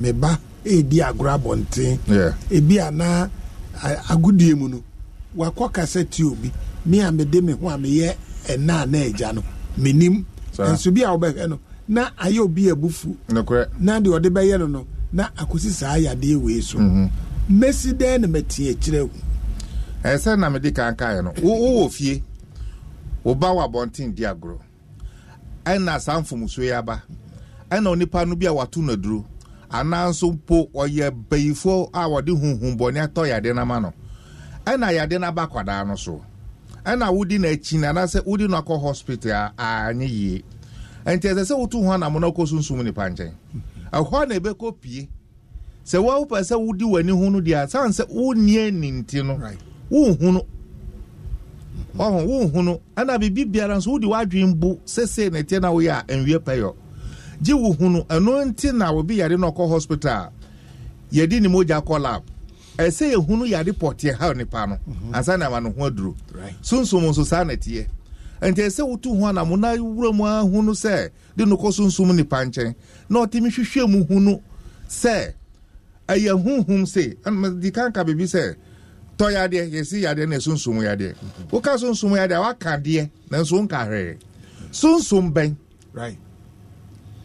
[SPEAKER 8] meba ɛredi agorɔ abɔnten ebi ana agudie mu no wakɔ kasa ti obi mi a mede me ho a meyɛ ɛna a na agya no menim nso bi a wɔbɛhwɛ no na ayɛ obi abufu na deɛ ɔde bɛyɛ no no na akosi saa yadeɛ wei so mhm. mmesi dɛn na mɛte akyerɛ wo ɛsɛ na mede kan kaeɛ no wowɔ fie
[SPEAKER 10] woba wɔ abɔnten di agorɔ ɛna saa mfomsoe aba ɛna onipa no bi a wato na aduro anaso mpo ɔyɛ bayifo a wɔde huhum bɔne atɔ yade no ma no ɛna yade no aba kwadaa no so ɛna wodi no akyi no anaasɛ wodi no akɔ hospital a anyɛ yie ɛnti ɛsɛ sɛ woto ho anamo na wokɔ sunsum nipa nkyɛn ɛhɔ na ɛbɛkɔ pie sɛ woa wopɛ sɛ wodi w'ani ho no deɛ a sane sɛ wonnie ni nti no wonhunu ɔho wonhunu ɛna biribi biara nso wode w'adwen bu ne na woyɛ a pɛyɔ gye wo hu ɛno nti na obi yare no ɔkɔ hospital yɛde ne mogya kɔ lab ɛsɛ yɛhu no yare pɔteɛ ha nipa no mhm. ansa na ama no ho aduro sunsun nso saa na ɛteɛ nti ɛsɛ wotu ho anam na wura mu ahu sɛ de no kɔ sunsun nipa nkyɛn na ɔtemi hwehwɛ mu hu sɛ ɛyɛ huhum se ɛnum di kanka beebi sɛ tɔyadeɛ yɛsi yadeɛ na sunsun yadeɛ mhm. woka sunsun yadeɛ waka adeɛ na nso nka hwee sunsun bɛn. Right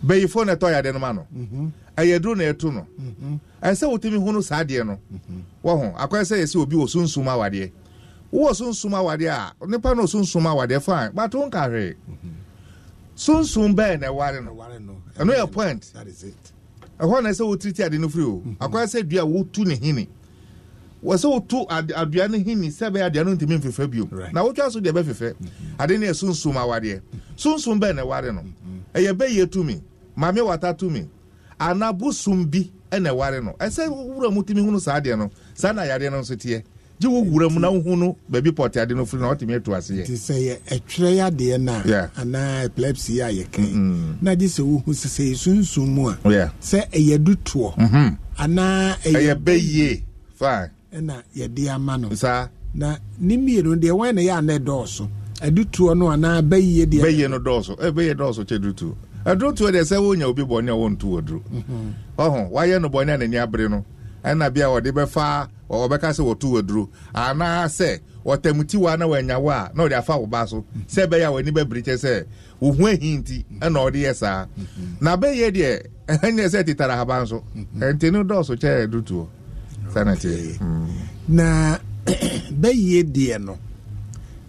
[SPEAKER 10] bɛyifo na ɛtɔ yadeɛ no ma no mhm. ɛyɛ duro na ɛtu no mhm. ɛsɛ wotumi hu no saa adeɛ no mhm. wɔho akɔyɛ sɛ yɛsɛ obi wɔ sunsum awadeɛ wowɔ sunsum awadeɛ a nipa no sunsum awadeɛ fine bato nka hwee sunsum bɛɛ na ɛware no ɛno yɛ point
[SPEAKER 8] ɛhɔ
[SPEAKER 10] na ɛsɛ wotiriti ade no firi o akɔyɛ sɛ dua wotu ne hini wɔsɛ wotu adua no hini sɛ bɛyɛ adua no ntumi mfefɛ bio na wotwa so deɛ bɛfefɛ ade no yɛ sunsum awadeɛ sunsum bɛɛ na ɛware no ɛyɛ bɛyɛ tumi maame wata tumi ana bosom bi ɛna ɛware no ɛsɛ wura mu tumi hunu saa adeɛ no saa na yadeɛ no nso teɛ gye wo wura mu na wohu no baabi pɔte ade no firi na ɔtumi atu aseɛ
[SPEAKER 8] nti sɛ yɛ ɛtwerɛ yɛ adeɛ no anaa epilepsy a yɛkan na gye sɛ wohu sɛ sɛ ɛsunsum mu a sɛ ɛyɛ dutoɔ mm-hmm. anaa ɛyɛ bɛ yie fine ɛna yɛde ama no saa na ne mmienu deɛ wɔn na yɛ anɛ dɔɔso adutuo no anaa bɛyie deɛ bɛyie no dɔɔso ɛbɛyie eh, dɔɔso kyɛ dutuo adutuo deɛ sɛ
[SPEAKER 10] wonya obi bɔne a wɔntu wɔduru mhm. ɔho wayɛ no bɔne a n'ani abere no ɛna bia wɔde bɛfa wɔbɛka sɛ wɔtu wɔduru anaa sɛ wɔtɛmuti wa na wɔanya wo a na wɔde afa wo ba so sɛ ɛbɛyɛ a wɔani bɛbiri kyɛ sɛ wo ho ahi nti ɛna ɔde yɛ saa mhm. na bɛyie deɛ ɛnyɛ sɛ tetara haba nso mhm. ɛnti no dɔɔso kyɛ dutuo sɛnɛteɛ mm.
[SPEAKER 8] na [CLEARS THROAT] bɛyie deɛ no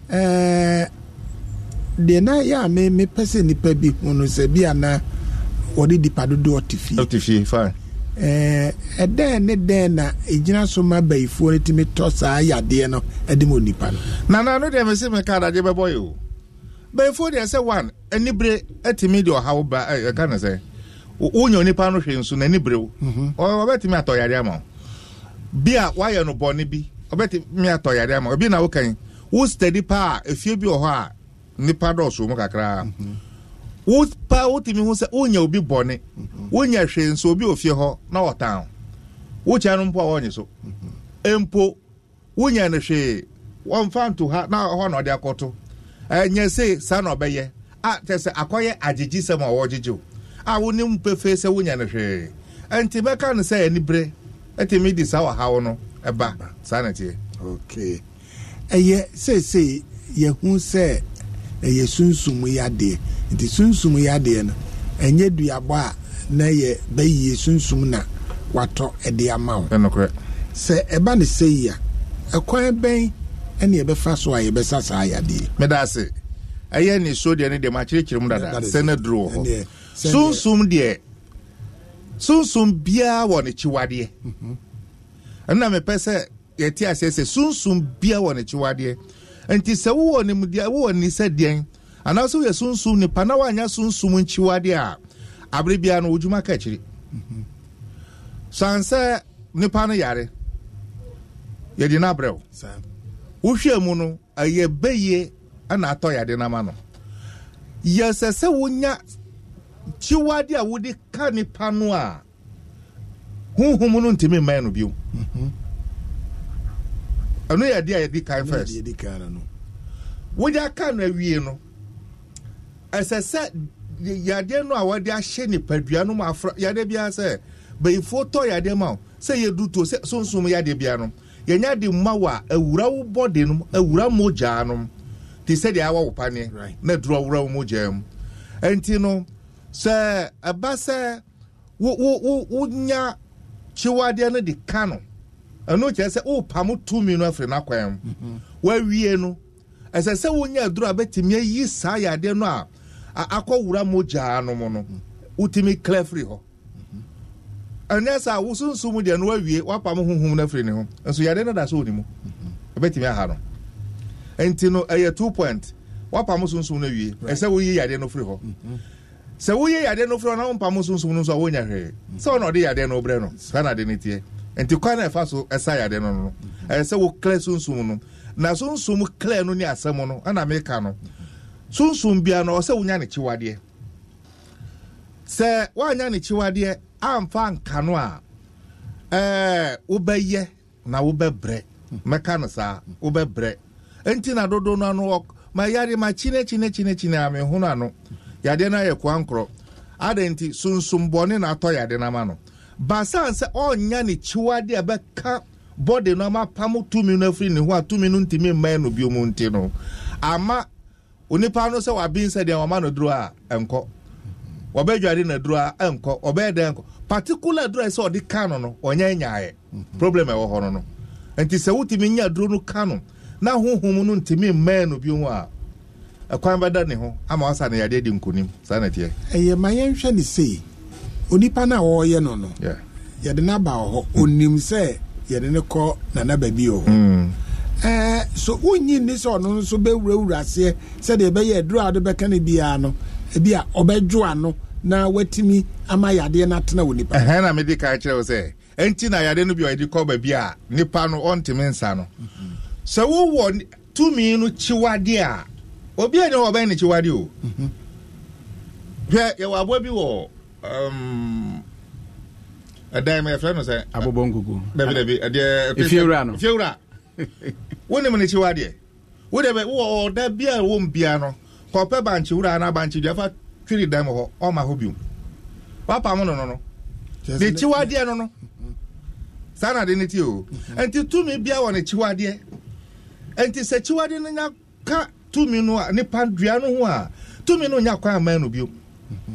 [SPEAKER 8] ɛɛ deɛ na yɛ a me mepɛ sɛ nipa bi ho no sɛ bi ana wɔde dipa dodoɔ ɔte fie ɔte fie fine ɛɛ ɛdɛn ne dɛn na egyina so ma bayifoɔ ne timi tɔ saa yadeɛ no ɛde mo nipa no. nana no deɛ mesi mi ka adagye
[SPEAKER 10] bɛbɔ yi o bayifoɔ deɛ sɛ one anibere ɛtumi de ɔhaw ba ɛɛ ɛka na sɛ wonya onipa no hwɛ nso n'anibere o mhm. ɔbɛtumi atɔ yare ama o bi a wayɛ no bɔne bi ɔbɛtumi atɔ yare ama o ebi na wokan. wo nipa a efie bi wɔ hɔ a nipa dɔɔso mu kakra wo pa wotumi ho sɛ wonya obi bɔne wonya hwee nso obi ofie hɔ na ɔtan wo kyɛn no mpo a wɔnye so mpo wonya no hwee wɔmfa nto ha na hɔ na ɔde akɔto ɛnyɛ se saa na ɔbɛyɛ a kyɛ sɛ akɔyɛ agyegye sɛm a wɔgyegye o a wonim pefee sɛ wonya no hwee ɛnti bɛka no sɛ anibere ɛtumi di saa ɔhaw no ɛba saa na tiɛ okay.
[SPEAKER 8] ɛyɛ seesei yɛhu sɛ ɛyɛ sunsum yadeɛ nti sunsum yadeɛ no ɛnyɛ duabɔ a na yɛ bɛyie sunsum na watɔ ɛde ama wo sɛ ɛba ne sɛ a ɛkwan bɛn ɛna ɛbɛfa so a yɛbɛsa saa yadeɛ
[SPEAKER 10] medase ɛyɛ ne so deɛ ne deɛ makyerɛkyerɛ mu dada sɛ no duro wɔ hɔ sunsum deɛ sunsum biara wɔ ne kyiwadeɛ mhm. ɛnna mepɛ sɛ yɛte aseɛ sɛ sunsun bia wɔ n'akyiwadeɛ nti sɛ wowɔ nimdeɛ wowɔ nisadeɛn anaasɛ woyɛ sunsun nipa na wanya sunsun nkyiwadeɛ a abere biara no wodwuma ka akyiri san nipa no yare yɛde no abrɛw wohwɛ mu no ɛyɛ bɛyie ɛna atɔ yade no ama no yɛsɛ sɛ wonya kyiwadeɛ a wode ka nipa no a honhom no ntumi mmɛn no bio mhm ɛno yɛ deɛ yɛdi kan first wogye aka no awie no ɛsɛ sɛ yadeɛ no a wɔde ahyɛ nipadua no mu afra yadeɛ biara sɛ bɛyifoɔ tɔ yadeɛ ma o sɛ yɛdu to sɛ sonsom yadeɛ biara no yɛnya de mma wɔ a awura wo bɔde no awura mogyaa no te sɛ deɛ awa wo paneɛ na duro awura wo mogyaa mu ɛnti no sɛ ɛba sɛ wo wo wo wonya kyewadeɛ no de ka no ɛno kyerɛ sɛ wopam tumi no afiri n'akwan mu wawie no ɛsɛ sɛ wonya aduro a bɛtumi ayi saa yadeɛ no a akɔwura mogyaa no mu no wotumi kla firi hɔ ɛnɛ sɛ a wosonso mu deɛ no wawie wapam honhom no afiri ne ho nso yadeɛ no da sɛ ɔni mu ɛbɛtumi aha no ɛnti no ɛyɛ two point wapam sonsom no awie ɛsɛ woyi yadeɛ no firi hɔ sɛ woyɛ yadeɛ no firi hɔ na wompam sonsom no nso a wonya hwee sɛ ɔna ɔde yadeɛ no wobrɛ no saa na ade no tiɛ nti kwan na ɛfa so ɛsa yadeɛ no no ɛyɛ sɛ wo sunsun no na sunsun klɛ no ne asɛm no ɛna meka no sunsun bia no ɔsɛ wonya ne kyiwadeɛ sɛ woanya ne kyiwadeɛ amfa nka no a ɛɛ wobɛyɛ na wobɛbrɛ mɛka no saa wobɛbrɛ nti na dodo no ano ma yare ma kyine kyine kyine kyine a mehu no ano yadeɛ no ayɛ koa nkorɔ adɛ nti sunsun bɔne na atɔ yadeɛ no ama no basan sɛ ɔnya ne kyiwade a bɛka bɔde no ama pam tumi no afiri ne ho a tumi no ntumi mmɛn no bio nti no ama onipa no sɛ wabi nsɛ deɛ wama no duro a nkɔ wɔbɛdwade na duro a nkɔ wɔbɛyɛ dɛ nkɔ particular duro a sɛ ɔde ka no no nyaayɛ problem ɛwɔ hɔ no no nti sɛ wotumi nya duro no ka na honhom no ntumi mmɛn no bio a ɛkwan bɛda ne ho ama wasa ne yadeɛ di nkonim saa na ɛteɛ ɛyɛ ma yɛnhwɛ ne sei
[SPEAKER 8] onipa no a wɔreyɛ no no yɛde no aba wɔ hɔ onim sɛ yɛde no kɔ nana baabi wɔ hɔ hmm. ɛɛ so wonyi ni sɛ ɔno nso bɛwurawura aseɛ sɛdeɛ ɛbɛyɛ aduro a ɔde bɛka no biara no ebi a ɔbɛdwo ano na watumi ama yadeɛ no atena wɔ nipa ɛhɛn
[SPEAKER 10] na mede ka kyerɛ wo sɛ
[SPEAKER 8] ɛnti na yadeɛ no bi a ɔde kɔ baabi a
[SPEAKER 10] nipa no ɔntumi nsa no sɛ wowɔ tumi no kyiwadeɛ a obi a ne wɔbɛn ne kyiwadeɛ o mhm. hwɛ yɛwɔ aboa bi wɔ um, ɛdan mu yɛfrɛ no sɛ
[SPEAKER 9] abobɔ nkuku
[SPEAKER 10] dabi dabi ɛdeɛ efiewura no efiewura wonim ne kyiwa deɛ wode bɛ wɔ ɔda bia ɛwɔ mbia no kɔpɛ bankye wura anaa bankye dua fa twiri dan mu hɔ ɔma hɔ biom wapam no no no ne kyiwa deɛ no no saa na de ne ti o nti tumi bia wɔ ne kyiwa deɛ nti sɛ kyiwa deɛ no nya ka tumi no a nipa dua no ho a tumi no nya kwan aman no biom. Mm -hmm.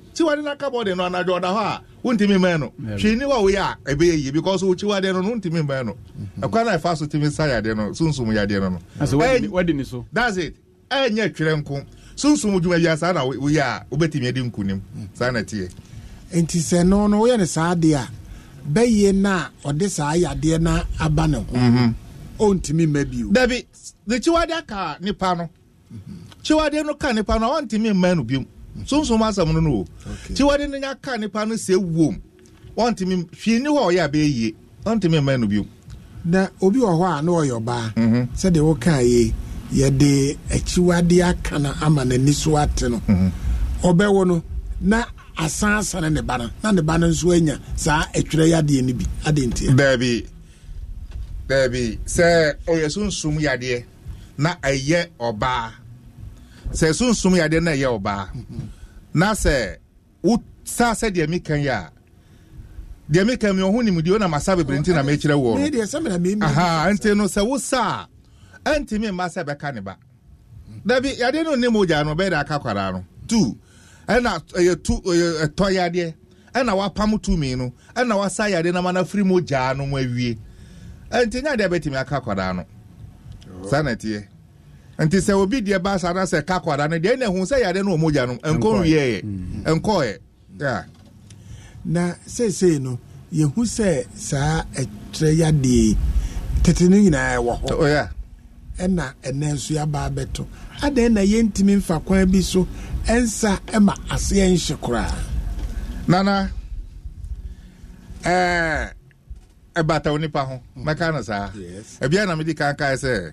[SPEAKER 10] tiwade n'aka bɔɔde no anadwo ɔda hɔ a wontumi mmɛn no hwɛni wa woyɛ a ɛbɛyɛ yie because wokyiwadeɛ no no wontumi mmɛn no ɛkwan a ɛfa so tumi sa yadeɛ no sunsum yadeɛ no no that's it ɛnyɛ twerɛ nko sunsum dwuma bia saa na woyɛ
[SPEAKER 8] a wobɛtumi adi nkonim saa na ɛteɛ nti sɛ no no woyɛ no saa deɛ a bɛyie no a ɔde saa yadeɛ no aba ne ho ɔntumi mma bio dabi ne kyiwadeɛ ka nipa no kyiwadeɛ no ka nipa no a ɔntumi mmɛn no biom
[SPEAKER 10] sunsun asɛm no no ti wɔde ne aka nipa no sɛ wom ɔntumi hwii
[SPEAKER 8] ni hɔ ɔyɛ abɛɛyie ɔntumi mma no bio na obi wɔ hɔ a na ɔyɛ ɔbaa mhm. sɛdeɛ wokaa yi yɛde akyiwadeɛ aka no ama n'ani so ate no mhm. ɔbɛwo no na asan asane ne ba no na ne ba no nso anya saa atwerɛ yi adeɛ no bi adeɛ nti daabi daabi sɛ ɔyɛ sunsum
[SPEAKER 10] yadeɛ na ɛyɛ ɔbaa sɛ sunsun yadeɛ na ɛyɛ ɔbaa mm-hmm. na sɛ wo saa sɛ deɛ mi kan yɛ a deɛ mi kan mi ɔho nim deɛ ɔnam asa bebree nti na mi kyerɛ wɔ no aha nti no sɛ wo sa a mi mma sɛ bɛka ne ba mm-hmm. dabi yadeɛ no ne mu gya no bɛyɛ de aka kwaraa no two ɛna ɛyɛ tu ɛyɛ ɛtɔ yadeɛ ɛna wapam tumi no ɛna wasa yadeɛ na ma na firi mu gya no mu awie ɛnti nya deɛ bɛtumi aka kwaraa no oh. saa nti sɛ obi deɛ ba asara sɛ ka kwada no deɛ ɛna ehu sɛ yare no ɔmo gya no nkɔ nwie mm.
[SPEAKER 8] nkɔ yɛ. na seesei no yehu sɛ saa ɛtrɛ yadeɛ tete ne nyinaa ɛwɔ hɔ oh, ɛna ɛnɛ nso yaba abɛto adan na yɛntumi nfa kwan bi so ɛnsa ɛma aseɛ nhyɛ koraa. nana
[SPEAKER 10] ɛɛ ɛbata onipa ho mɛka no saa ebi anam kankan sɛ.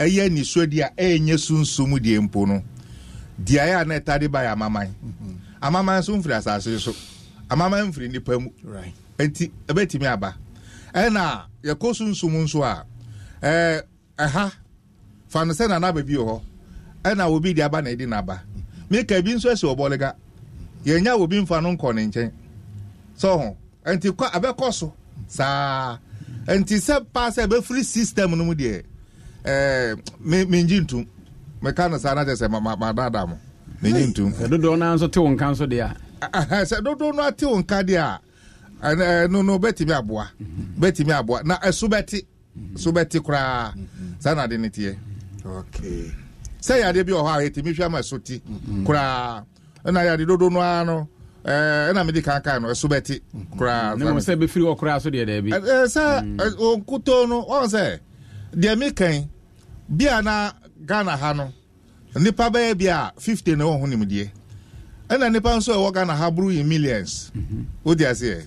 [SPEAKER 10] ɛyɛ di mm-hmm. a enye sunsun di mpo no deɛ ayɛ a e na ɛta de ba yɛ amaman amaman nso mfiri asaase so amaman nfiri nipa mu nti ɛbɛtumi aba ɛna yɛkɔ sunsun nso a ɛɛ e, ɛha e fanu sɛ nana baabi wɔ hɔ ɛna obi de aba na ɛdi n'aba mika mm-hmm. ebi nso ɛsi ɔbɔliga yɛnya obi nfa no nkɔ ne nkyɛn sɔho nti kɔ abɛkɔ so saa nti sɛ paa sɛ ɛbɛfiri system no mu deɛ. Eh, menye ntom meka no saa na kyɛ sɛ madada mo menye ntom dodoɔ no nso te wo nka nso deɛ a ah, ah, sɛ dodoɔ no ate wo nka deɛ a eh, no bɛtumi aboa mhm. bɛtumi aboa na ɛso eh, bɛte mhm. so bɛte koraa mhm. saa na ade no teɛ sɛ yɛadeɛ bi wɔ hɔ a yɛtumi hwɛ ama ɛso te koraa ɛna yɛade dodoɔ no ara no ɛna mede kankan no ɛso bɛte
[SPEAKER 9] koraa bɛfiri wɔ koraa so deɛ daabi sɛ
[SPEAKER 10] nkoto no sɛ deɛ mekan bia na ghana ha no nipa bɛyɛ bi fifty na wɔn ho nim deɛ ɛna nipa nso ɛwɔ ghana ha buru yi millions o di aseɛ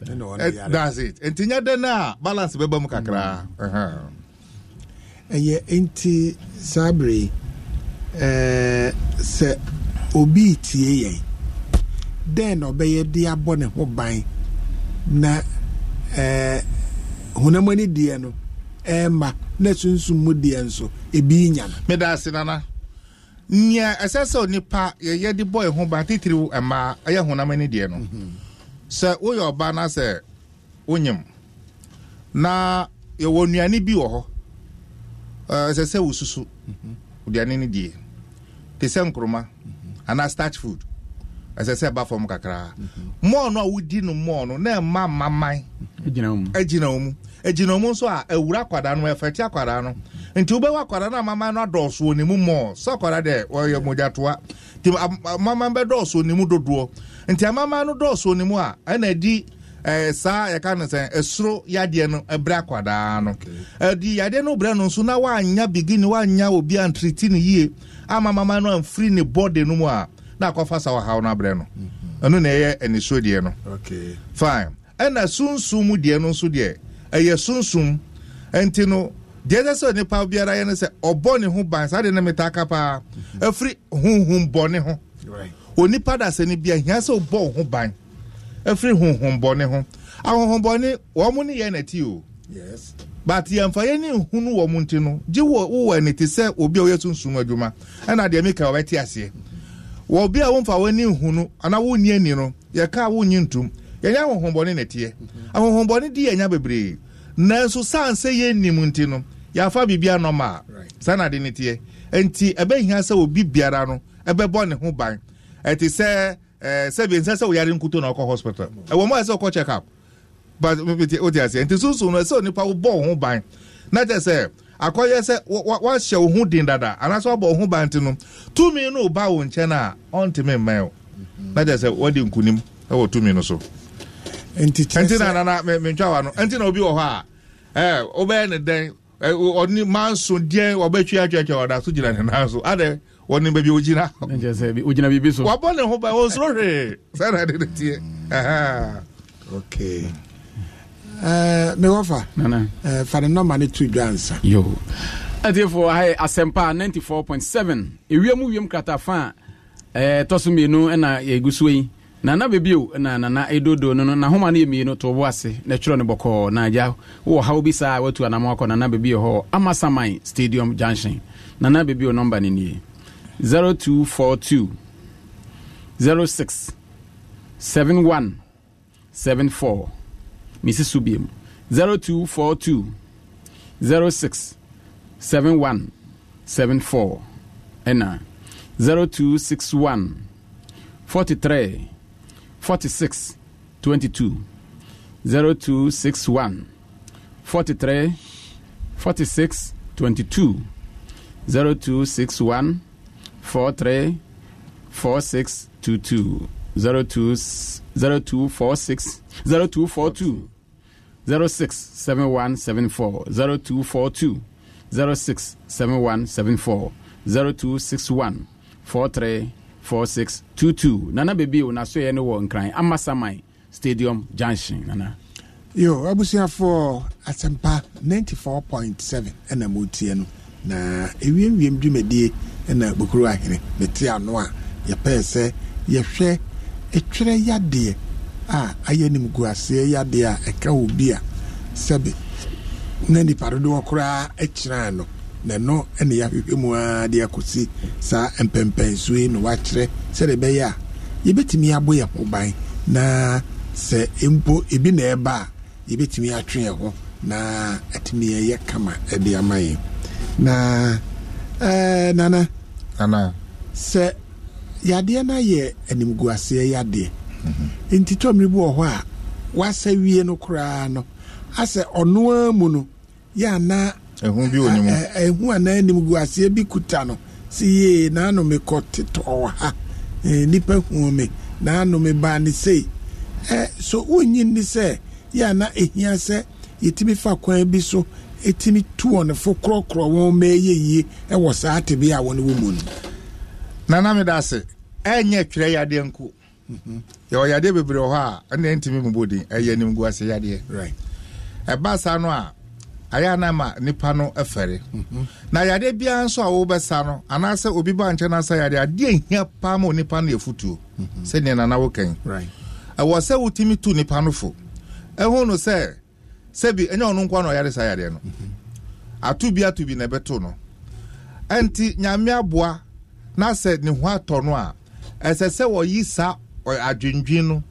[SPEAKER 10] that's it nti nya dɛ na balance bɛba mu kakra. Mhm.
[SPEAKER 8] ɛyɛ nti sabre ɛɛ sɛ obi tie yɛn dɛn na ɔbɛyɛ de abɔ ne ho ban na ɛɛ hunamani deɛ no. ɛma na sunsun mu deɛ nso
[SPEAKER 10] ebi nya no. meda ase nana nea ɛsɛ sɛ onipa yɛyɛ de bɔ ɛho ban titiri mmaa ɛyɛ honam ani deɛ no mhm. sɛ woyɛ ɔbaa na sɛ wonyim na yɛwɔ nnuane bi wɔ hɔ ɛsɛ sɛ wosusu aduane mhm. no deɛ te sɛ nkuruma mhm. anaa starch food ɛsɛ sɛ ɛba fam kakraa mɔɔ no a wodi no mɔɔ no na ɛma maman agyina wo mu agyinamu nso a awura akwadaa no ɛfɛte akwadaa no nti wobɛwɔ akwadaa no a mama no adɔɔso wɔ ne mu mɔɔ sɛ akwadaa deɛ ɔyɛ mogyatoa nti mama bɛdɔɔso ne mu dodoɔ nti amama no dɔɔso ne mu a ɛna di ɛɛ saa yɛka no sɛ ɛsoro yadeɛ no ɛbrɛ akwadaa no ɛdi yadeɛ no brɛ no nso na wanya bigini wanya obi a ntiriti ne ama mama no amfiri ne bɔde no a na akɔfa saa ɔhaw no abrɛ no mhm. ɛno na ɛyɛ ɛnisuo deɛ no fine ɛna sunsun mu deɛ no nso deɛ ɛyɛ sunsum ɛnti no deɛ ɛsɛ sɛ nipa biara yɛ no sɛ ɔbɔ ne ho ban saa deɛ ne mi aka paa mhm. ɛfiri huhun bɔne ho onipa dasɛ ni bia hia sɛ ɔbɔ ho ban ɛfiri huhun bɔne ho ahohun bɔne wɔn ne yɛ nɛti o but yɛnfa yɛ ne nhunu wɔn ti no gye wɔ wowɔ ɛni ti sɛ obi a ɔyɛ sunsum adwuma ɛna deɛ mi ka ɔbɛte aseɛ wɔ obi a wɔnfa wɔn ani nhunu anaa wɔn ni no yɛ ka wɔn nyi ntum yɛnyɛ ahohombɔne na ɛteɛ ahohombɔne di yɛnya bebree nanso san sɛ yɛnnim nti no yɛafa biribia nɔma a saa na ade ne teɛ nti ɛbɛhia sɛ obi biara no ɛbɛbɔ ne ho ban ɛte sɛ ɛɛ eh, sɛbi nsɛ sɛ oyare nkuto na ɔkɔ hospital ɛwɔ mu a sɛ ɔkɔ check up but o aseɛ nti sunsun no sɛ onipa bɔ ɔho ban na kyɛ sɛ akɔyɛ sɛ wahyɛ wo ho den dada anaasɛ wabɔ wo ho ban nti no tumi no ba wo nkyɛn a ɔntumi mmɛn o na kyɛ sɛ wɔde nkunim ɛwɔ tumi no so. nti nti na nana mentwa wa no nti na obi wɔ hɔ a ɛɛ wobɛyɛ ne dɛn ɔne manso deɛ wɔbɛtwi atwatwa ɔda so gyina ne nan so adɛ wɔne baabi ogyina ogyina biribi so wabɔ ne ho ba wɔnsoro hwee
[SPEAKER 8] sɛ na de ne tie okay uh, mewɔfa nana. fa ne nɔma ne to dwa nsa
[SPEAKER 9] atiefoɔ ha yɛ asɛmpa 94.7 ewia mu wiem kratafa a ɛtɔ so mmienu ɛna yɛgu so yi nana bebio na nana edodo no no n'ahoma no yɛ mmienu to wo ase na twerɛ no bɔkɔɔ na agya wowɔ haw bi saa watu anam akɔ nana bebio hɔ amasaman stadium junction nana bebio number no nie 0242 06 71 74 mesi so biom 0242 06 71 74 ɛna 0261 43 46 22 0261 43 46 22 0261 43 46 22 02 0246 0242 067174 0242 067174 0261 43 4622 nana bebi o na so yɛ no wɔ nkran amasaman stadium junction nana
[SPEAKER 8] yo asempa ninety abusuafoɔ asɛmpa 94.7 ɛna motie no na ewiemwiem dwumadie ɛna bokuro ahene mete ano a yɛpɛɛ sɛ yɛhwɛ ɛtwerɛ yadeɛ a ayɛ nimguaseɛ yadeɛ a ɛka obi a sɛbe na nipa dodoɔ koraa akyinaa ano. na ɛno na yɛahwehwɛ mu ara de akɔsi saa mpɛmpɛnsuo yi na wakyerɛ sɛdeɛ ɛbɛyɛ a yɛbɛtumi abɔ yɛ ho ban na sɛ mpo ebi na ɛba a yɛbɛtumi atwe yɛ hɔ na ɛtumi yɛyɛ kama ɛde ama yɛn na ɛɛ nana nana sɛ yadeɛ na yɛ animguaseɛ yadeɛ mhm. nti tɔmmiri bi wɔ hɔ a wasa wie no koraa no asɛ ɔnoa mu no yɛ anaa ɛhu bi onim ɛhu anaa anim gu ase bi kuta no si yee naano mi kɔ tetɔ ha ɛɛ nipa hu mi naano mi baa ne sei ɛɛ so wonyi ni sɛ yɛ ana ehia sɛ yɛtumi fa kwan bi so ɛtumi tu wɔn fo korɔkorɔ wɔn mɛ yɛ yie ɛwɔ saa tebe a wɔn wɔ mu no. nana mi da ase ɛnyɛ twerɛ yadeɛ nko mhm.
[SPEAKER 10] yɛwɔ yadeɛ bebree wɔ hɔ a ɛna ntumi mu bɔ den ɛyɛ nim gu ase yadeɛ ɛba saa no a. ayɛ anam a nipa no fɛre na yade biara nso a wɔbɛsa no anaasɛ obi ba nkyɛn nasa yade adeɛ nhia paa ma nipa no yɛ futuo sɛdeɛ nana wokan ɛwɔ sɛ wotumi tu nipa no fo ɛho no sɛ sɛbi ɛnyɛ ɔno nkoa na ɔyare saa yadeɛ no ato bi ato bi na ɛbɛto no ɛnti nyame aboa na sɛ ne ho atɔ no a ɛsɛ sɛ wɔyi saa adwendwen no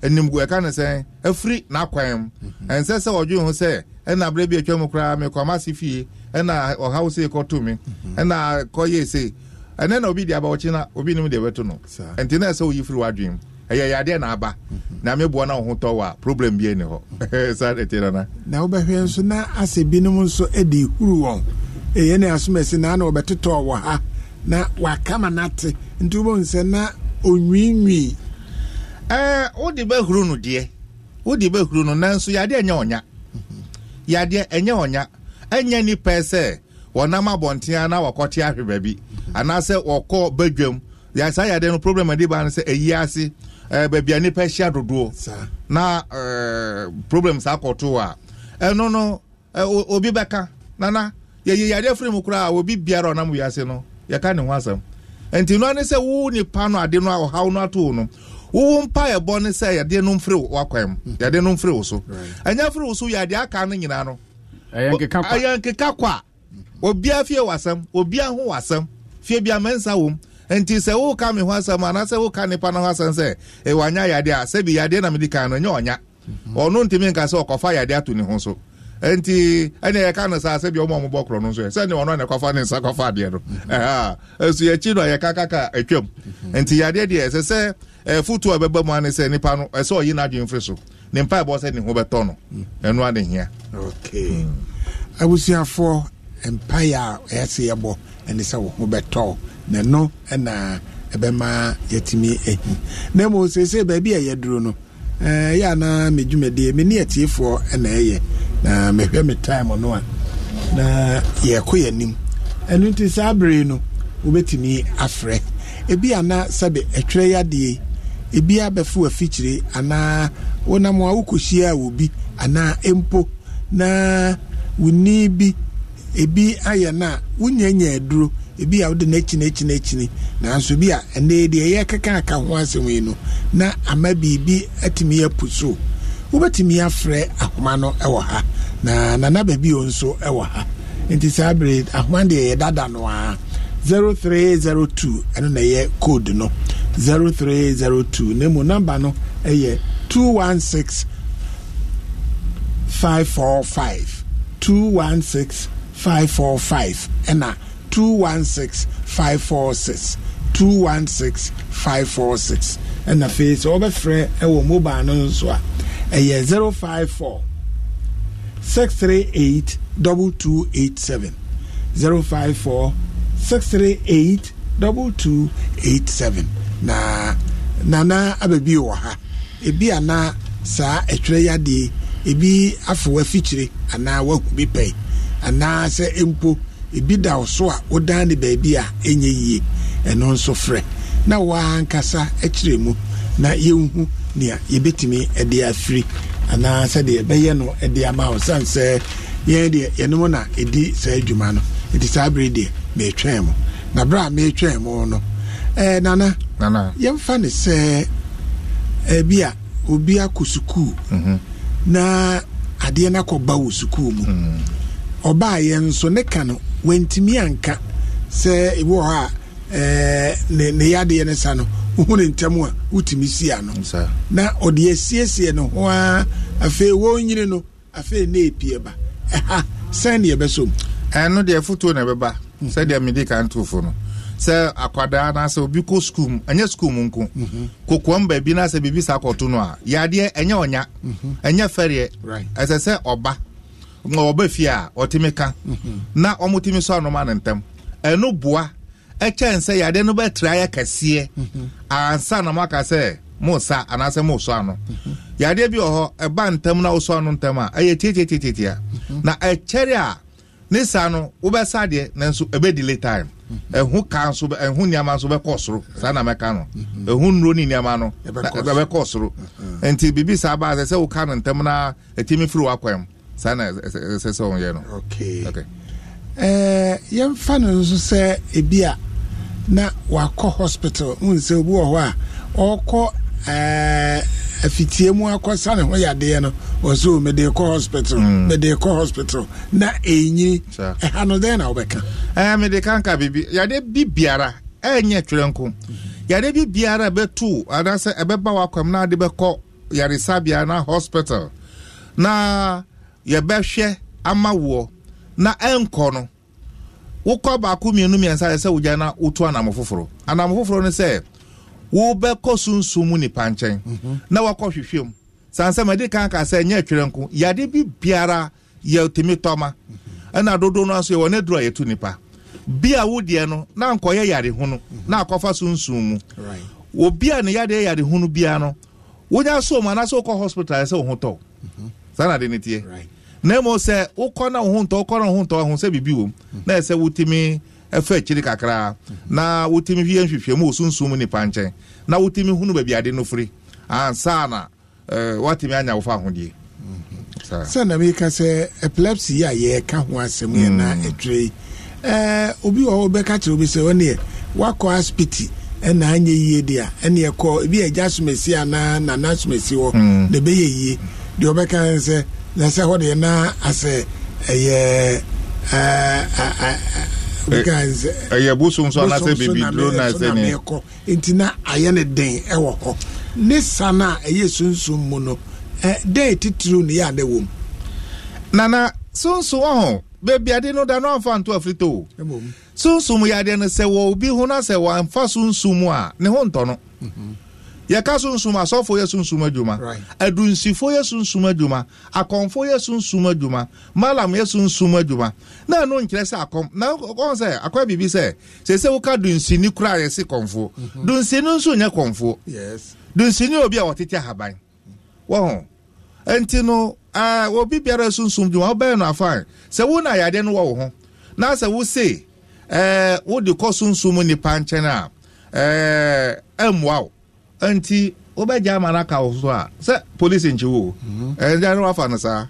[SPEAKER 10] animgu ɛka ne sɛ afiri n'akwan mu mhm. ɛnsɛ sɛ wɔdwe ho sɛ ɛna aberɛ bi atwa mu koraa mekɔama se fie ɛna ɔhaw sei kɔto me ɛna mhm. kɔyɛ sei ɛnɛ na obi de aba ɔkye na obi nim deɛ bɛto no ɛnti na ɛsɛ woyi firi w'adwen mu ɛyɛ yadeɛ na aba mhm. na meboa mhm. [LAUGHS] na wo ho tɔ wɔ a problem bi ani hɔ saa ɛte
[SPEAKER 8] nana na wobɛhwɛ nso na ase binom nso de huru wɔn ɛyɛ ne asom asi naa na wɔbɛtotɔɔ wɔ ha na wakama nate nti wobɛhu sɛ na ɔnwiinwii
[SPEAKER 10] wode bɛhuru no deɛ wode bɛhuru no nanso yadeɛ nyɛ ɔnya yadeɛ ɛnyɛ ɔnya ɛnyɛ nipa sɛ wɔnam abɔnten na wɔkɔte ahwe baabi anaasɛ wɔkɔ badwam yasa yadeɛ no problem ɛde ba no sɛ ɛyi ase ɛɛ baabi a nipa ahyia dodoɔ na ɛɛ problem saa kɔto a ɛno no ɛɛ obi bɛka nana yɛyɛ yadeɛ firi mu koraa obi biara ɔnam wiase no yɛka ne ho asɛm nti noa ne sɛ wo nipa no ade no a ɔhaw no ato no wowo mpa ɛbɔ ne sɛ yɛdeɛ no mfiri wakwan mu mhm. yɛdeɛ no mfiri wo so ɛnyɛ firi wo so yɛdeɛ aka no nyinaa no ɛyɛ nkeka kɔ a obiaa fie wasɛm obiaa ho wasɛm fie bia mɛnsa wom nti sɛ woka me ho asɛm anaasɛ woka nipa no ho asɛm sɛ ɛwɔ anya yadeɛ a sɛbi yadeɛ na mede kan no ɛnyɛ ɔnya mhm. ɔno ntumi nka sɛ ɔkɔfa yadeɛ ato ne ho so nti ɛne yɛka no saa sɛdeɛ ɔma ɔmobɔ korɔ no nso ɛ sɛdeɛ ɔno ne kwafa ne nsa kwafa adeɛ no mhm. ɛso yɛkyi no yɛka kaka atwam mhm. nti yadeɛ deɛ ɛsɛ sɛ foto a ɛbɛba mu ane sɛ nipa no ɛsɛ ɔyi mfiri so ne mpa ɛbɔ sɛ ne ho bɛtɔ no mhm. ɛno
[SPEAKER 8] ade hia abusuafoɔ mpaeɛ a ɛyɛ sɛ yɛbɔ sɛ wo ho bɛtɔ na ɛna ɛbɛma yɛtumi ahi na mmom baabi a yɛduro no ɛyɛ eh, anaa me dwumadie me ne atiefoɔ ɛna ɛyɛ na mehwɛ me time no a na yɛkɔ yɛanim ɛno nti saa bere no wobɛtumi afrɛ ebi ana sɛbe ɛtwerɛ yadeɛ ebi abɛfo afikyire anaa wonam a wokɔhyia wɔ bi anaa mpo na wonni bi ebi ayɛ no a wonyanya aduro ebi a wode n'akyi n'akyi n'akyi nanso bi a ɛnna deɛ ɛyɛ keka aka ho asɛm yi no na ama biribi atumi apu so wobɛtumi afrɛ ahoma no ɛwɔ ha na nana baabi o nso ɛwɔ ha nti saa bere ahoma deɛ yɛ dada no a 0302 ɛno na ɛyɛ code no 0302 na mu namba no ɛyɛ six five four five ɛna two one six five four six two one six five four six ɛna afei sɛ wɔbɛfrɛ ɛwɔ mobile no nso a ɛyɛ zero five four six three eight double two eight seven zero five four six three eight double two eight seven na nana abɛbi wɔ ha ebi ana saa ɛtwerɛ yadeɛ ebi afɔ wafikyire anaa bi pɛɛ anaa sɛ mpo. ebi da so a wodan ne baabi a ɛnyɛ yie ɛno nso frɛ na wankasa ankasa akyerɛ mu na yɛnhu nea yɛbɛtumi ɛde afiri anaa sɛdeɛ ɛbɛyɛ no ɛde ama wo sane yɛn deɛ yɛnom na ɛdi saa adwuma no ɛti saa bere deɛ meretwɛn mu na berɛ a meretwɛn mu no ɛɛ nana nana yɛmfa ne sɛ ɛbi a obi akɔ sukuu mhm. na adeɛ no akɔba wɔ sukuu mu mhm. ɔbaa yɛn nso ne ka no wantumi anka sɛ ebi wɔ hɔ a ɛɛ eh, ne ne yadeɛ ne sa no wohu ne ntɛm a wotumi si ano na ɔde asiesie no ho ara afei wɔnyini no afei ne epie ba ɛha sɛn deɛ ɛbɛ so mu. ɛno deɛ foto na ɛbɛba mhm. sɛdeɛ
[SPEAKER 10] mede ka ntofo no sɛ akwadaa anaasɛ obi kɔ skul mu ɛnyɛ skul mu nko mhm. kokoa mu baabi na sɛ biribi saa no a yadeɛ ɛnyɛ ɔnya mhm. ɛnyɛ fɛreɛ ɛsɛ sɛ ɔba ɔba fie a ɔtumi ka mhm. na ɔmotumi so anoma ne ntɛm ɛno boa ɛkyɛn sɛ yadeɛ no bɛtra yɛ kɛseɛ ansa na moaka sɛ mosa anaasɛ mosɔ ano mhm. yadeɛ bi wɔ hɔ ɛba na wosɔ ano ntɛm a ɛyɛ tietietietia mhm. na ɛkyɛre a ne sa no wobɛsa deɛ nanso ebedi late time ɛho ka nso ehu nneɛma nso bɛkɔ soro saa na mɛka no ehu nnuro ne nneɛma no ɛbɛkɔ soro nti bibi saa baa sɛ sɛ woka no ntɛm na ɛtumi firi wakwan mu saa na ɛsɛ sɛ ɔyɛ no
[SPEAKER 8] yɛmfa no nso sɛ ebi a na wakɔ hospital mu nsɛ obi wɔ hɔ a ɔkɔ eh, afitie mu akɔ sane ho yadeɛ no ɔsɛ oh, mede kɔ hospital mm. mede kɔ hospital na ɛnyini ɛha no dɛn na wobɛka eh, mede ka
[SPEAKER 10] nka biribi yadeɛ bi biara ɛnyɛ twerɛ nko yadeɛ bi biara bɛtu anaasɛ ɛbɛba wakɔm na ade bɛkɔ yaresabea na hospital na yɛbɛhwɛ ama woɔ na ɛnkɔ no wokɔ baako mmienu mmiɛnsa yɛ sɛ wogya na woto anam foforɔ anam foforɔ no sɛ wobɛkɔ sunsum mu nipa nkyɛn mhm. na wakɔ hwehwɛ mu sansɛm ɛde kan ka sɛ nyɛ twerɛ nko yade bi biara yɛtumi tɔma mhm. ɛna dodo no nso yɛwɔ ne duro a yɛtu nipa bia wodeɛ no na nkɔyɛ yarehunu mhm. na akɔfa sunsum mu obi a ne yadeɛ yarehunu biara no wonya so mu anaasɛ wokɔ hospital yɛ sɛ wo ho tɔ saa na de ne teɛ na mmom sɛ wokɔ na wo ho ntɔ wokɔ na wo ho ntɔ ho sɛ biribi wɔ mu na ɛsɛ wotumi ɛfa akyiri kakra na wotumi hwie nhwehwɛmu wɔ sunsum nipa nkyɛn na wotumi hunu baabi ade no firi ansa na eh, watumi anya wo fa ahodeɛ sɛ
[SPEAKER 8] na meka sɛ epilepsy a yɛka ho asɛm yɛ na mm. ɛtwerɛ yi eh, obi wɔ hɔ bɛka kyerɛ obi sɛ ɔneɛ wakɔ aspiti ɛna anyɛ yie de a ɛne ɛkɔ ebi agya somasi anaa nana somasi hɔ mm. na ɛbɛyɛ yie deɛ ɔbɛka sɛ na sɛ hɔ deɛ na asɛ ɛyɛ
[SPEAKER 10] ɛyɛ bosom so anasɛ bibiduro na ɛsɛ
[SPEAKER 8] ne nti na ayɛ ne den ɛwɔ eh, hɔ ne sa no a ɛyɛ eh, sunsum mu no eh, dɛn titiriw ne yɛ adɛ wɔ mu nana sunsum ɔho beebi ade no da no amfa nto afirito o
[SPEAKER 10] sunsum yɛ adeɛ no sɛ wɔ obi ho no sɛ wɔamfa sunsum a ne ho ntɔ no mm -hmm. yɛka sunsum asɔfo yɛ sunsum adwuma adunsifo yɛ sunsum adwuma akɔnfo yɛ sunsum adwuma malam yɛ sunsum adwuma na ɛno nkyerɛ sɛ akɔm na ɔn sɛ akɔ biribi sɛ sɛsɛ woka dunsini kora a yɛsi kɔnfo mhm. dunsini nso nyɛ kɔnfo dunsini obi a wɔtete ahaban wɔn nti no ɛɛ obi biara sunsum adwuma ɔbɛn no afaan sɛ wo na yadeɛ no wɔ wo ho na sɛ wo se ɛɛ wode kɔ sunsum nipa nkyɛn a ɛɛ ɛmmoa wo. nti wobɛgya ama no aka wo so a sɛ police nkyi wo mhm. ɛgya no wafa no saa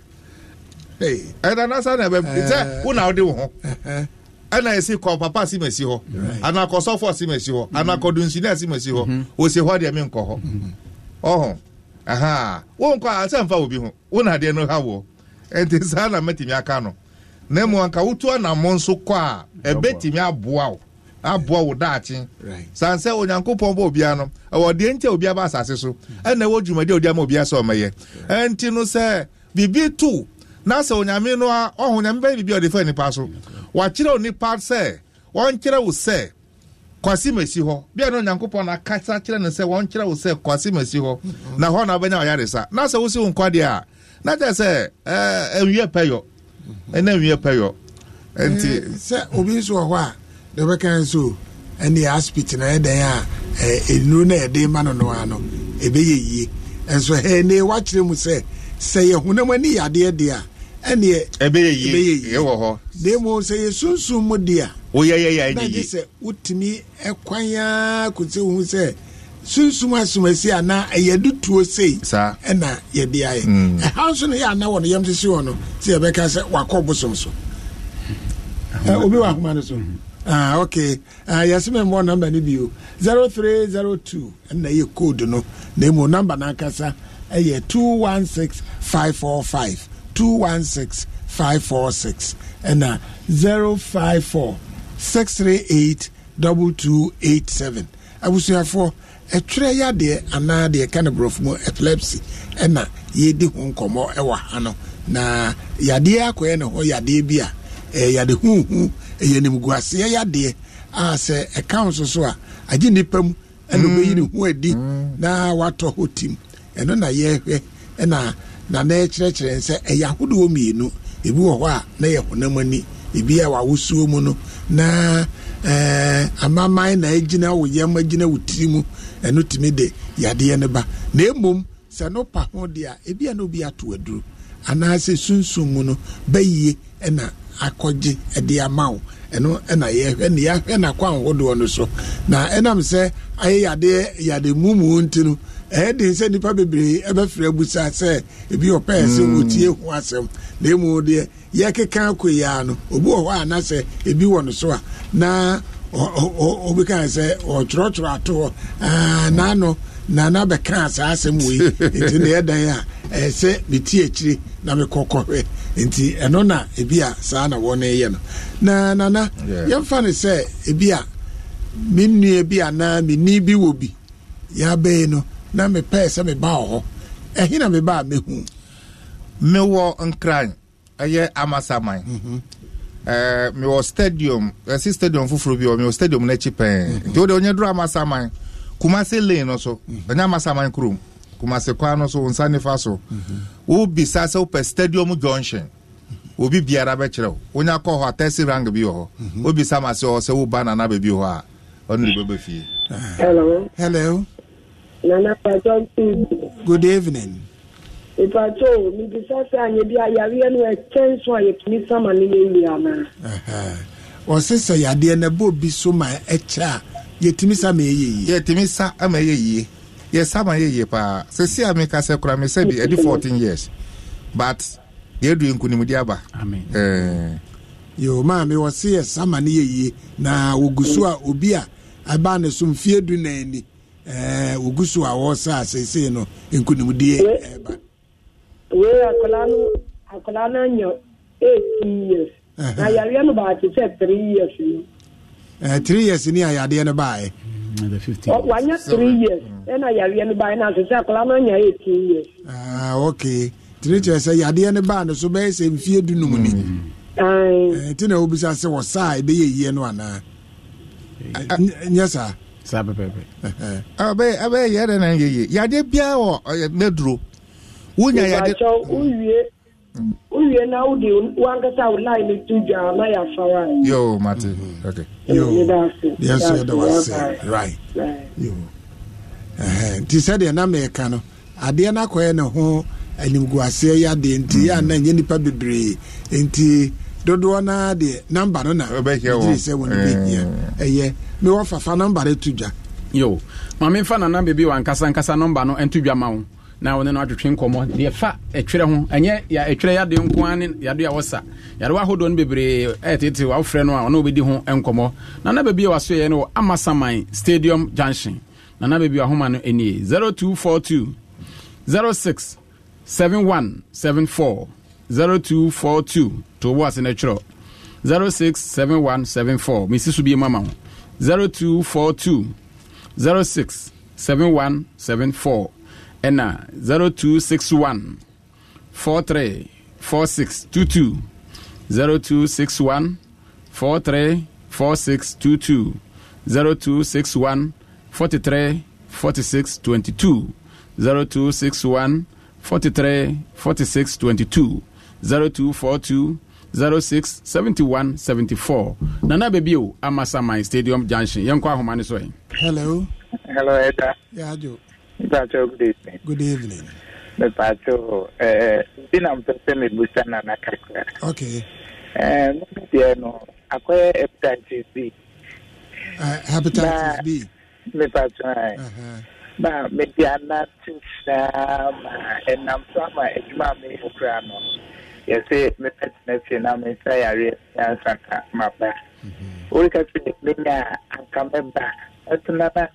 [SPEAKER 10] ɛna nasa na ɛbɛ sɛ wona wode wo ho ɛna ɛsi kɔ papa si ma si hɔ anaa kɔ sɔfo si ma si hɔ mhm. anaa kɔ dunsini si ma si hɔ mhm. osi hɔ deɛ mi nkɔ hɔ ɔho ɛhaa a sɛ nfa obi ho wona adeɛ no ha wɔ nti [LAUGHS] saa na mɛtumi aka no na mu anka wotu anamɔ nso kɔ a ɛbɛtumi aboa wo. aboa wo daakye san sɛ onyankopɔn bɔ obia no ɛwɔ deɛ nti a obia ba asase so ɛna ɛwɔ dwumadi a odi ama obia sɛ ɔmɛyɛ ɛnti no sɛ biribi to na sɛ onyame no a ɔho onyame bɛyɛ biribi a ɔde fa nipa so wakyerɛ onipa sɛ wɔnkyerɛ wo sɛ kwasi ma mesi hɔ bia na onyankopɔn na akasa kyerɛ no sɛ wɔnkyerɛ wo sɛ kwasi mesi hɔ na hɔ na wobɛnya ɔyaresa na sɛ wosi wo nkwadeɛ a na kyɛ sɛ ɛɛ
[SPEAKER 8] nwiɛ pɛyɔ ɛna nwiɛ pɛyɔ nti sɛ obi nso wɔ hɔ a deɛ wɔbɛka nso ɛne aspit na ɛdɛn a ɛnuro na yɛde ma no no a no ɛbɛyɛ yie ɛnso ɛne wakyerɛ mu sɛ sɛ yɛhonam ani yadeɛ deɛ a ɛneɛ ɛbɛyɛ yie ɛwɔ hɔ na mmom sɛ yɛsunsum mu deɛ a woyɛyɛyɛ ɛnyɛ yie sɛ wotumi ɛkwan a kɔsɛ wohu sɛ sunsum asomasi ana ɛyɛ de tuo sei ɛna yɛde ayɛ mm. ɛha nso na yɛ ana wɔ no yɛm sisi wɔ no sɛ yɛbɛka sɛ wakɔ bosom so obi wɔ ahoma no so ah okay ah yasi mi mbɔ namba ni bi o zero three zero two ɛna yɛ code no na emu namba n'ankasa ɛyɛ two one six five four five two one six five four six ɛna zero five four six three eight double two eight seven for a yɛ adeɛ anaa deɛ de no borɔfo mu epilepsy ɛna ye di nkɔmmɔ ɛwɔ ha no na yadeɛ akɔyɛ ne ho yadeɛ bi a ɛɛ eh, yade huhu. ɛyɛ nimgu aseɛ yɛ adeɛ a sɛ ɛka nso so a agye nipa mu ɛna mm. obɛyi ne ho adi mm. na watɔ hɔ tim ɛno na yɛhwɛ ɛna na ɛkyerɛkyerɛ sɛ ɛyɛ ahodoɔ mmienu ebi wɔ hɔ a na yɛ honam ani ebi a wawosuo mu no na ɛɛ amaman na egyina wo yam egyina wo tiri mu ɛno tumi de yadeɛ ne ba na emom sɛ no pa ho deɛ ebi a na obi ato aduro anaasɛ sunsun mu no bɛyie ɛna. akɔgye ɛde ama wo ɛno ɛna yɛhwɛ ne yɛahwɛ n'akwan ahodoɔ no so na ɛnam sɛ ayɛ yadeɛ yade mumu nti no ɛyɛ den sɛ nipa bebree ɛbɛfrɛ abusa sɛ ebi ɔpɛɛ sɛ hmm. wɔtie ho asɛm na emu deɛ yɛkeka akɔ yi ara no obi wɔ hɔ a na sɛ ebi wɔ no so a na obi ka sɛ ɔtwerɛtwerɛ ato hɔ n'ano nana bɛka saa asɛm wɔ yi [LAUGHS] nti na yɛ dan a ɛyɛ sɛ metie akyire na mekɔkɔhwɛ nti ɛno na ebi a saa na wɔn reyɛ no na nana yɛmfa no sɛ ebi a me nnua bi anaa me ni bi wɔ bi yɛabɛyi no na mepɛɛ sɛ ba wɔ hɔ ɛhe na meba a mehu mewɔ nkran
[SPEAKER 10] ɛyɛ amasaman mhm. ɛɛ mewɔ stadium ɛsi stadium foforɔ bi wɔ mewɔ stadium n'akyi pɛɛ mhm. nti o de onye duro amasaman kumase lane no so mhm. ɛnyɛ amasaman kurom. Mm -hmm. kumase kwan so wo nsa nifa so wobisa sɛ wopɛ stadium junction obi biara bɛkyerɛ wo wonya kɔ hɔ a tɛsi rank bi wɔ hɔ wobisa mhm. ma se ɔ sɛ woba nana baabi hɔ a ɔno de bɛbɛ fie
[SPEAKER 8] hello hello nana patɔ good evening ìpàtó mìbísà sẹ àyè bí ayareɛ
[SPEAKER 7] no ɛkyɛn so a yɛtumi sama ne yɛwie anaa
[SPEAKER 8] ɔsɛ sɛ yadeɛ no ɛbɔ obi so ma ɛkyerɛ a yɛtumi sa ma ɛyɛ yie yɛtumi sa ama yes
[SPEAKER 10] sama yɛ yie paa sisi a mi ka sɛ kura mi sɛ bi ɛdi fourteen years but yɛ du
[SPEAKER 8] nkunimdi aba.
[SPEAKER 10] eh
[SPEAKER 8] yoo maame wɔsi yɛ sama ne na wogu so a obi a ɛbaa ne so mfie du na ani ɛɛ eh, wogu so a wɔsa asese no nkunimdie eh, ɛɛba.
[SPEAKER 5] wee akwadaa no akwadaa
[SPEAKER 7] no years na yàrá no baako sɛ three years ni.
[SPEAKER 8] ɛɛ eh, three years ni a yadeɛ no baayɛ. wanya mm.
[SPEAKER 7] three years ɛna yareɛ no baɛ
[SPEAKER 8] no asɛ sɛ akɔla no anya eighteen years okay tiri kyerɛ sɛ yadeɛ no baa no so bɛyɛ sɛ mfie dunum ni nti mm. eh, na wobisa sɛ wɔ saa ɛbɛyɛ yie no anaa ah, nyɛ saa saa pɛpɛpɛ ɛbɛyɛ yɛ dɛ na yɛyɛ
[SPEAKER 10] yadeɛ biara wɔ mɛduro eh, wonya yadeɛ wowie uwie na ụdị wankata ụlọanyị n'etuju a anaghị afara anyị. yoo mate mhm.
[SPEAKER 8] ok. yoo deɛ nso yɛ dɛ wase right yoo eh, nti sɛdeɛ nam ɛka no Ya mhm. nti ana nyɛ nipa bebree nti dodoɔ naa di namba no na gyiri sɛ wɔn bɛhia
[SPEAKER 9] ɛyɛ fafa namba no to dwa. yoo maame nfa nana beebi wɔ ankasa ankasa namba no na wɔne no atwetwe nkɔmmɔ deɛ fa ɛtwerɛ ho ɛnyɛ ɛtwerɛ yadeɛ nko a ne yadeɛ a wɔsa yadeɛ ahodoɔ no bebree ɛyɛtete wawofrɛ no a ɔne wobɛdi ho nkɔmmɔ nana baabi a wasoɛyɛ no wɔ amasaman stadium junction nana baabi a homa no ɛnie 0242 06 7174 0242 to wo ase no twerɛ 067174 mesi so bie mama ho 0242 06 7174 ɛna 0261 43 46 22 0261 43 46 22 0261 43 46 22 0261 43 46 22 0242 06 71 74 nana bebio amasama stadium junction yɛnkɔ ahoma ne so ɛ
[SPEAKER 8] hello hello ɛda yɛadwo
[SPEAKER 6] Mpacho, good evening. Good evening. Mpacho, eh, di nan mpese mi busa na akakwa. Ok. Eh, mwen diye no, akwe hepatitis B. Hepatitis B? Mpacho, ay. Ba, mwen diya nan tisha, en nan msama ejma mi okra no. Yese, mwen peti ne fye nan mwen sa yare yan sanka maba. Mhm. Uri kasi mwen ya anka mba, etu naba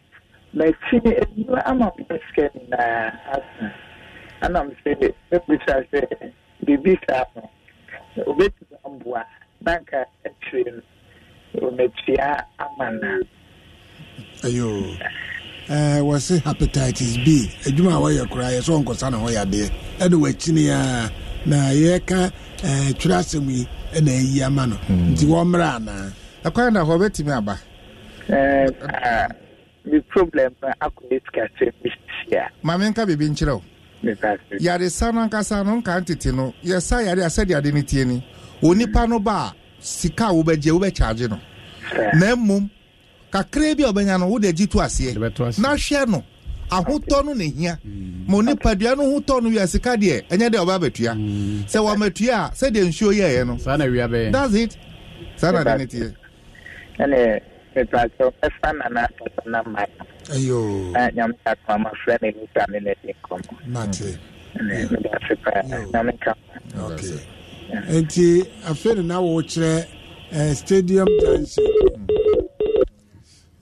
[SPEAKER 6] mɛtwi ɛnu ama mɛsikɛ nyinaa asa ɛna mɛsɛ mɛbisa sɛ biribi saa no obetumi aboa nanka ɛkyerɛ no mɛtua
[SPEAKER 8] ama na. ayo ɛɛ wɔsi hepatitis b adwuma a wɔyɛ koraa yɛ sɛ ɔnkɔsa na wɔyɛ adeɛ ɛde wɔakyini a na yɛka ɛɛ twerɛ asɛm yi ɛna ɛyi ama no nti wɔmmra anaa. ɛkwan na hɔ bɛtumi aba.
[SPEAKER 6] ɛɛ eh, paa. Ah mi problem na akɔyɛ sika sɛ mesia
[SPEAKER 10] maame nka biribi nkyerɛ wo yaresa no ankasa no nka ntete no yɛsa yare a sɛdeɛ ade no tie ni onipa no ba a sika a wobɛgye wobɛkyaagye no na mmom kakra bi a ɔbɛnya no wode agye to aseɛ na hwɛ no ahotɔ no na hia ma onipadua no hotɔ no wia sika deɛ ɛnyɛ deɛ ɔba abɛtua mm. sɛ wɔamatua a sɛdeɛ nsuo yɛɛyɛ no that's it saa na de ne teɛ
[SPEAKER 6] mepatro ɛfa nana papa na ma no na nyame ako ama frɛ me nisa me ne de nkɔmmɔ meda se paa nyame ka
[SPEAKER 8] nti afei ne na wɔkyerɛ uh, stadium junction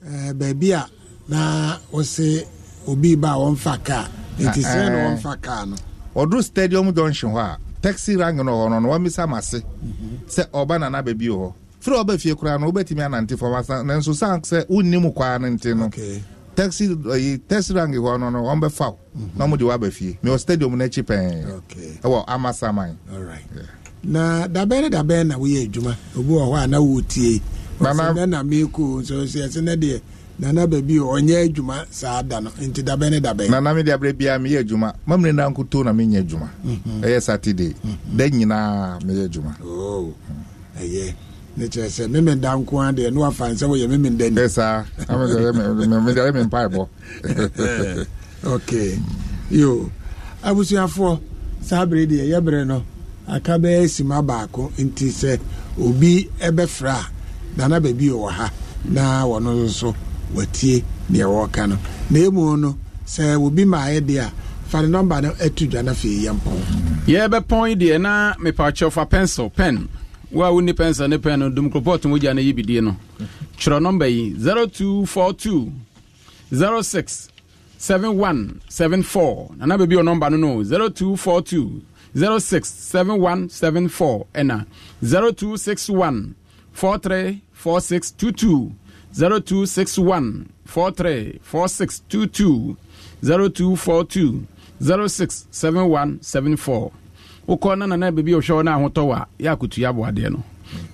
[SPEAKER 8] uh, eh, baabi a na wɔse obi ba a wɔmfa kaa ah, nti sɛ na wɔmfa eh. kaa no
[SPEAKER 10] ɔduru stadium junction hɔ a taxi rank no hɔ no no wɔmmisa ma se
[SPEAKER 8] mhm.
[SPEAKER 10] sɛ ɔba nana baabi wɔ hɔ firi ọba fie koraa no wobɛtumi anante fam asa nanso san mu kwaa nti no ayi hɔ no no bɛ
[SPEAKER 8] mhm.
[SPEAKER 10] na wɔn de wo aba fie mɛ wɔ
[SPEAKER 8] stadium n'akyi pɛɛ
[SPEAKER 10] ɛwɔ amasaman.
[SPEAKER 8] na dabɛn ọ dabɛn na woyɛ adwuma obi wɔ hɔ a na wotie ɔsɛ na meeko nso ne deɛ nana baabi ɔnyɛ adwuma saa da no nti dabɛn dabɛn. nana mi to na mi ne kyerɛ sɛ meme da nko a deɛ ne wafa nsɛ woyɛ meme da ni saa medare me mpaebɔ [LAUGHS] ok yo abusuafoɔ saa bere deɛ yɛberɛ no aka bɛyɛ sima baako nti sɛ obi ɛbɛfrɛ a nana baabi wɔ ha na wɔno nso watie deɛ wɔka no na ɛmu no sɛ obi maayɛ deɛ a fa ne nɔmba no atu dwa no afei yɛmpɔn
[SPEAKER 9] yɛbɛpɔn deɛ na mepaakyɛw fa pencil pen wo a wonni pɛn ne pɛn no dum kuropɔɔto mu gya no yi bidie no twerɛ nɔmba yi 0242 06 7174 nana baabi wɔ nɔmba no no 0242 06 7174 ɛna 0261 43 4622 0261 43 4622 0242 06 7174 wokɔ na nana baabi a wohwɛ wɔ no ahotɔ wɔ a yɛ akotua aboadeɛ no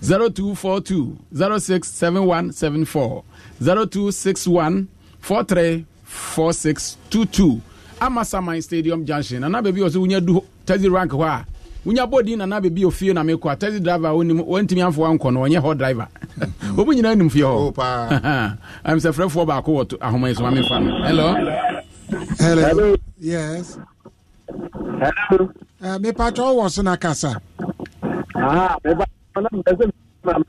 [SPEAKER 9] 0242 067174 0261 434622 ama saman stadium junction nana baabi a ɔsɛ wonya du tasi rank hɔ a wonya bɔdi nana baabi a na mekɔ a tasi driver wonim wɔntumi amfo wankɔ no ɔnyɛ hɔ driver ɔmu nyinaa nim fie hɔ amsɛfrɛfoɔ baako wɔ ahoma yi so ma mefa no hello hello yes hello
[SPEAKER 8] Eh, mepatɔ wɔ so na kasa ah,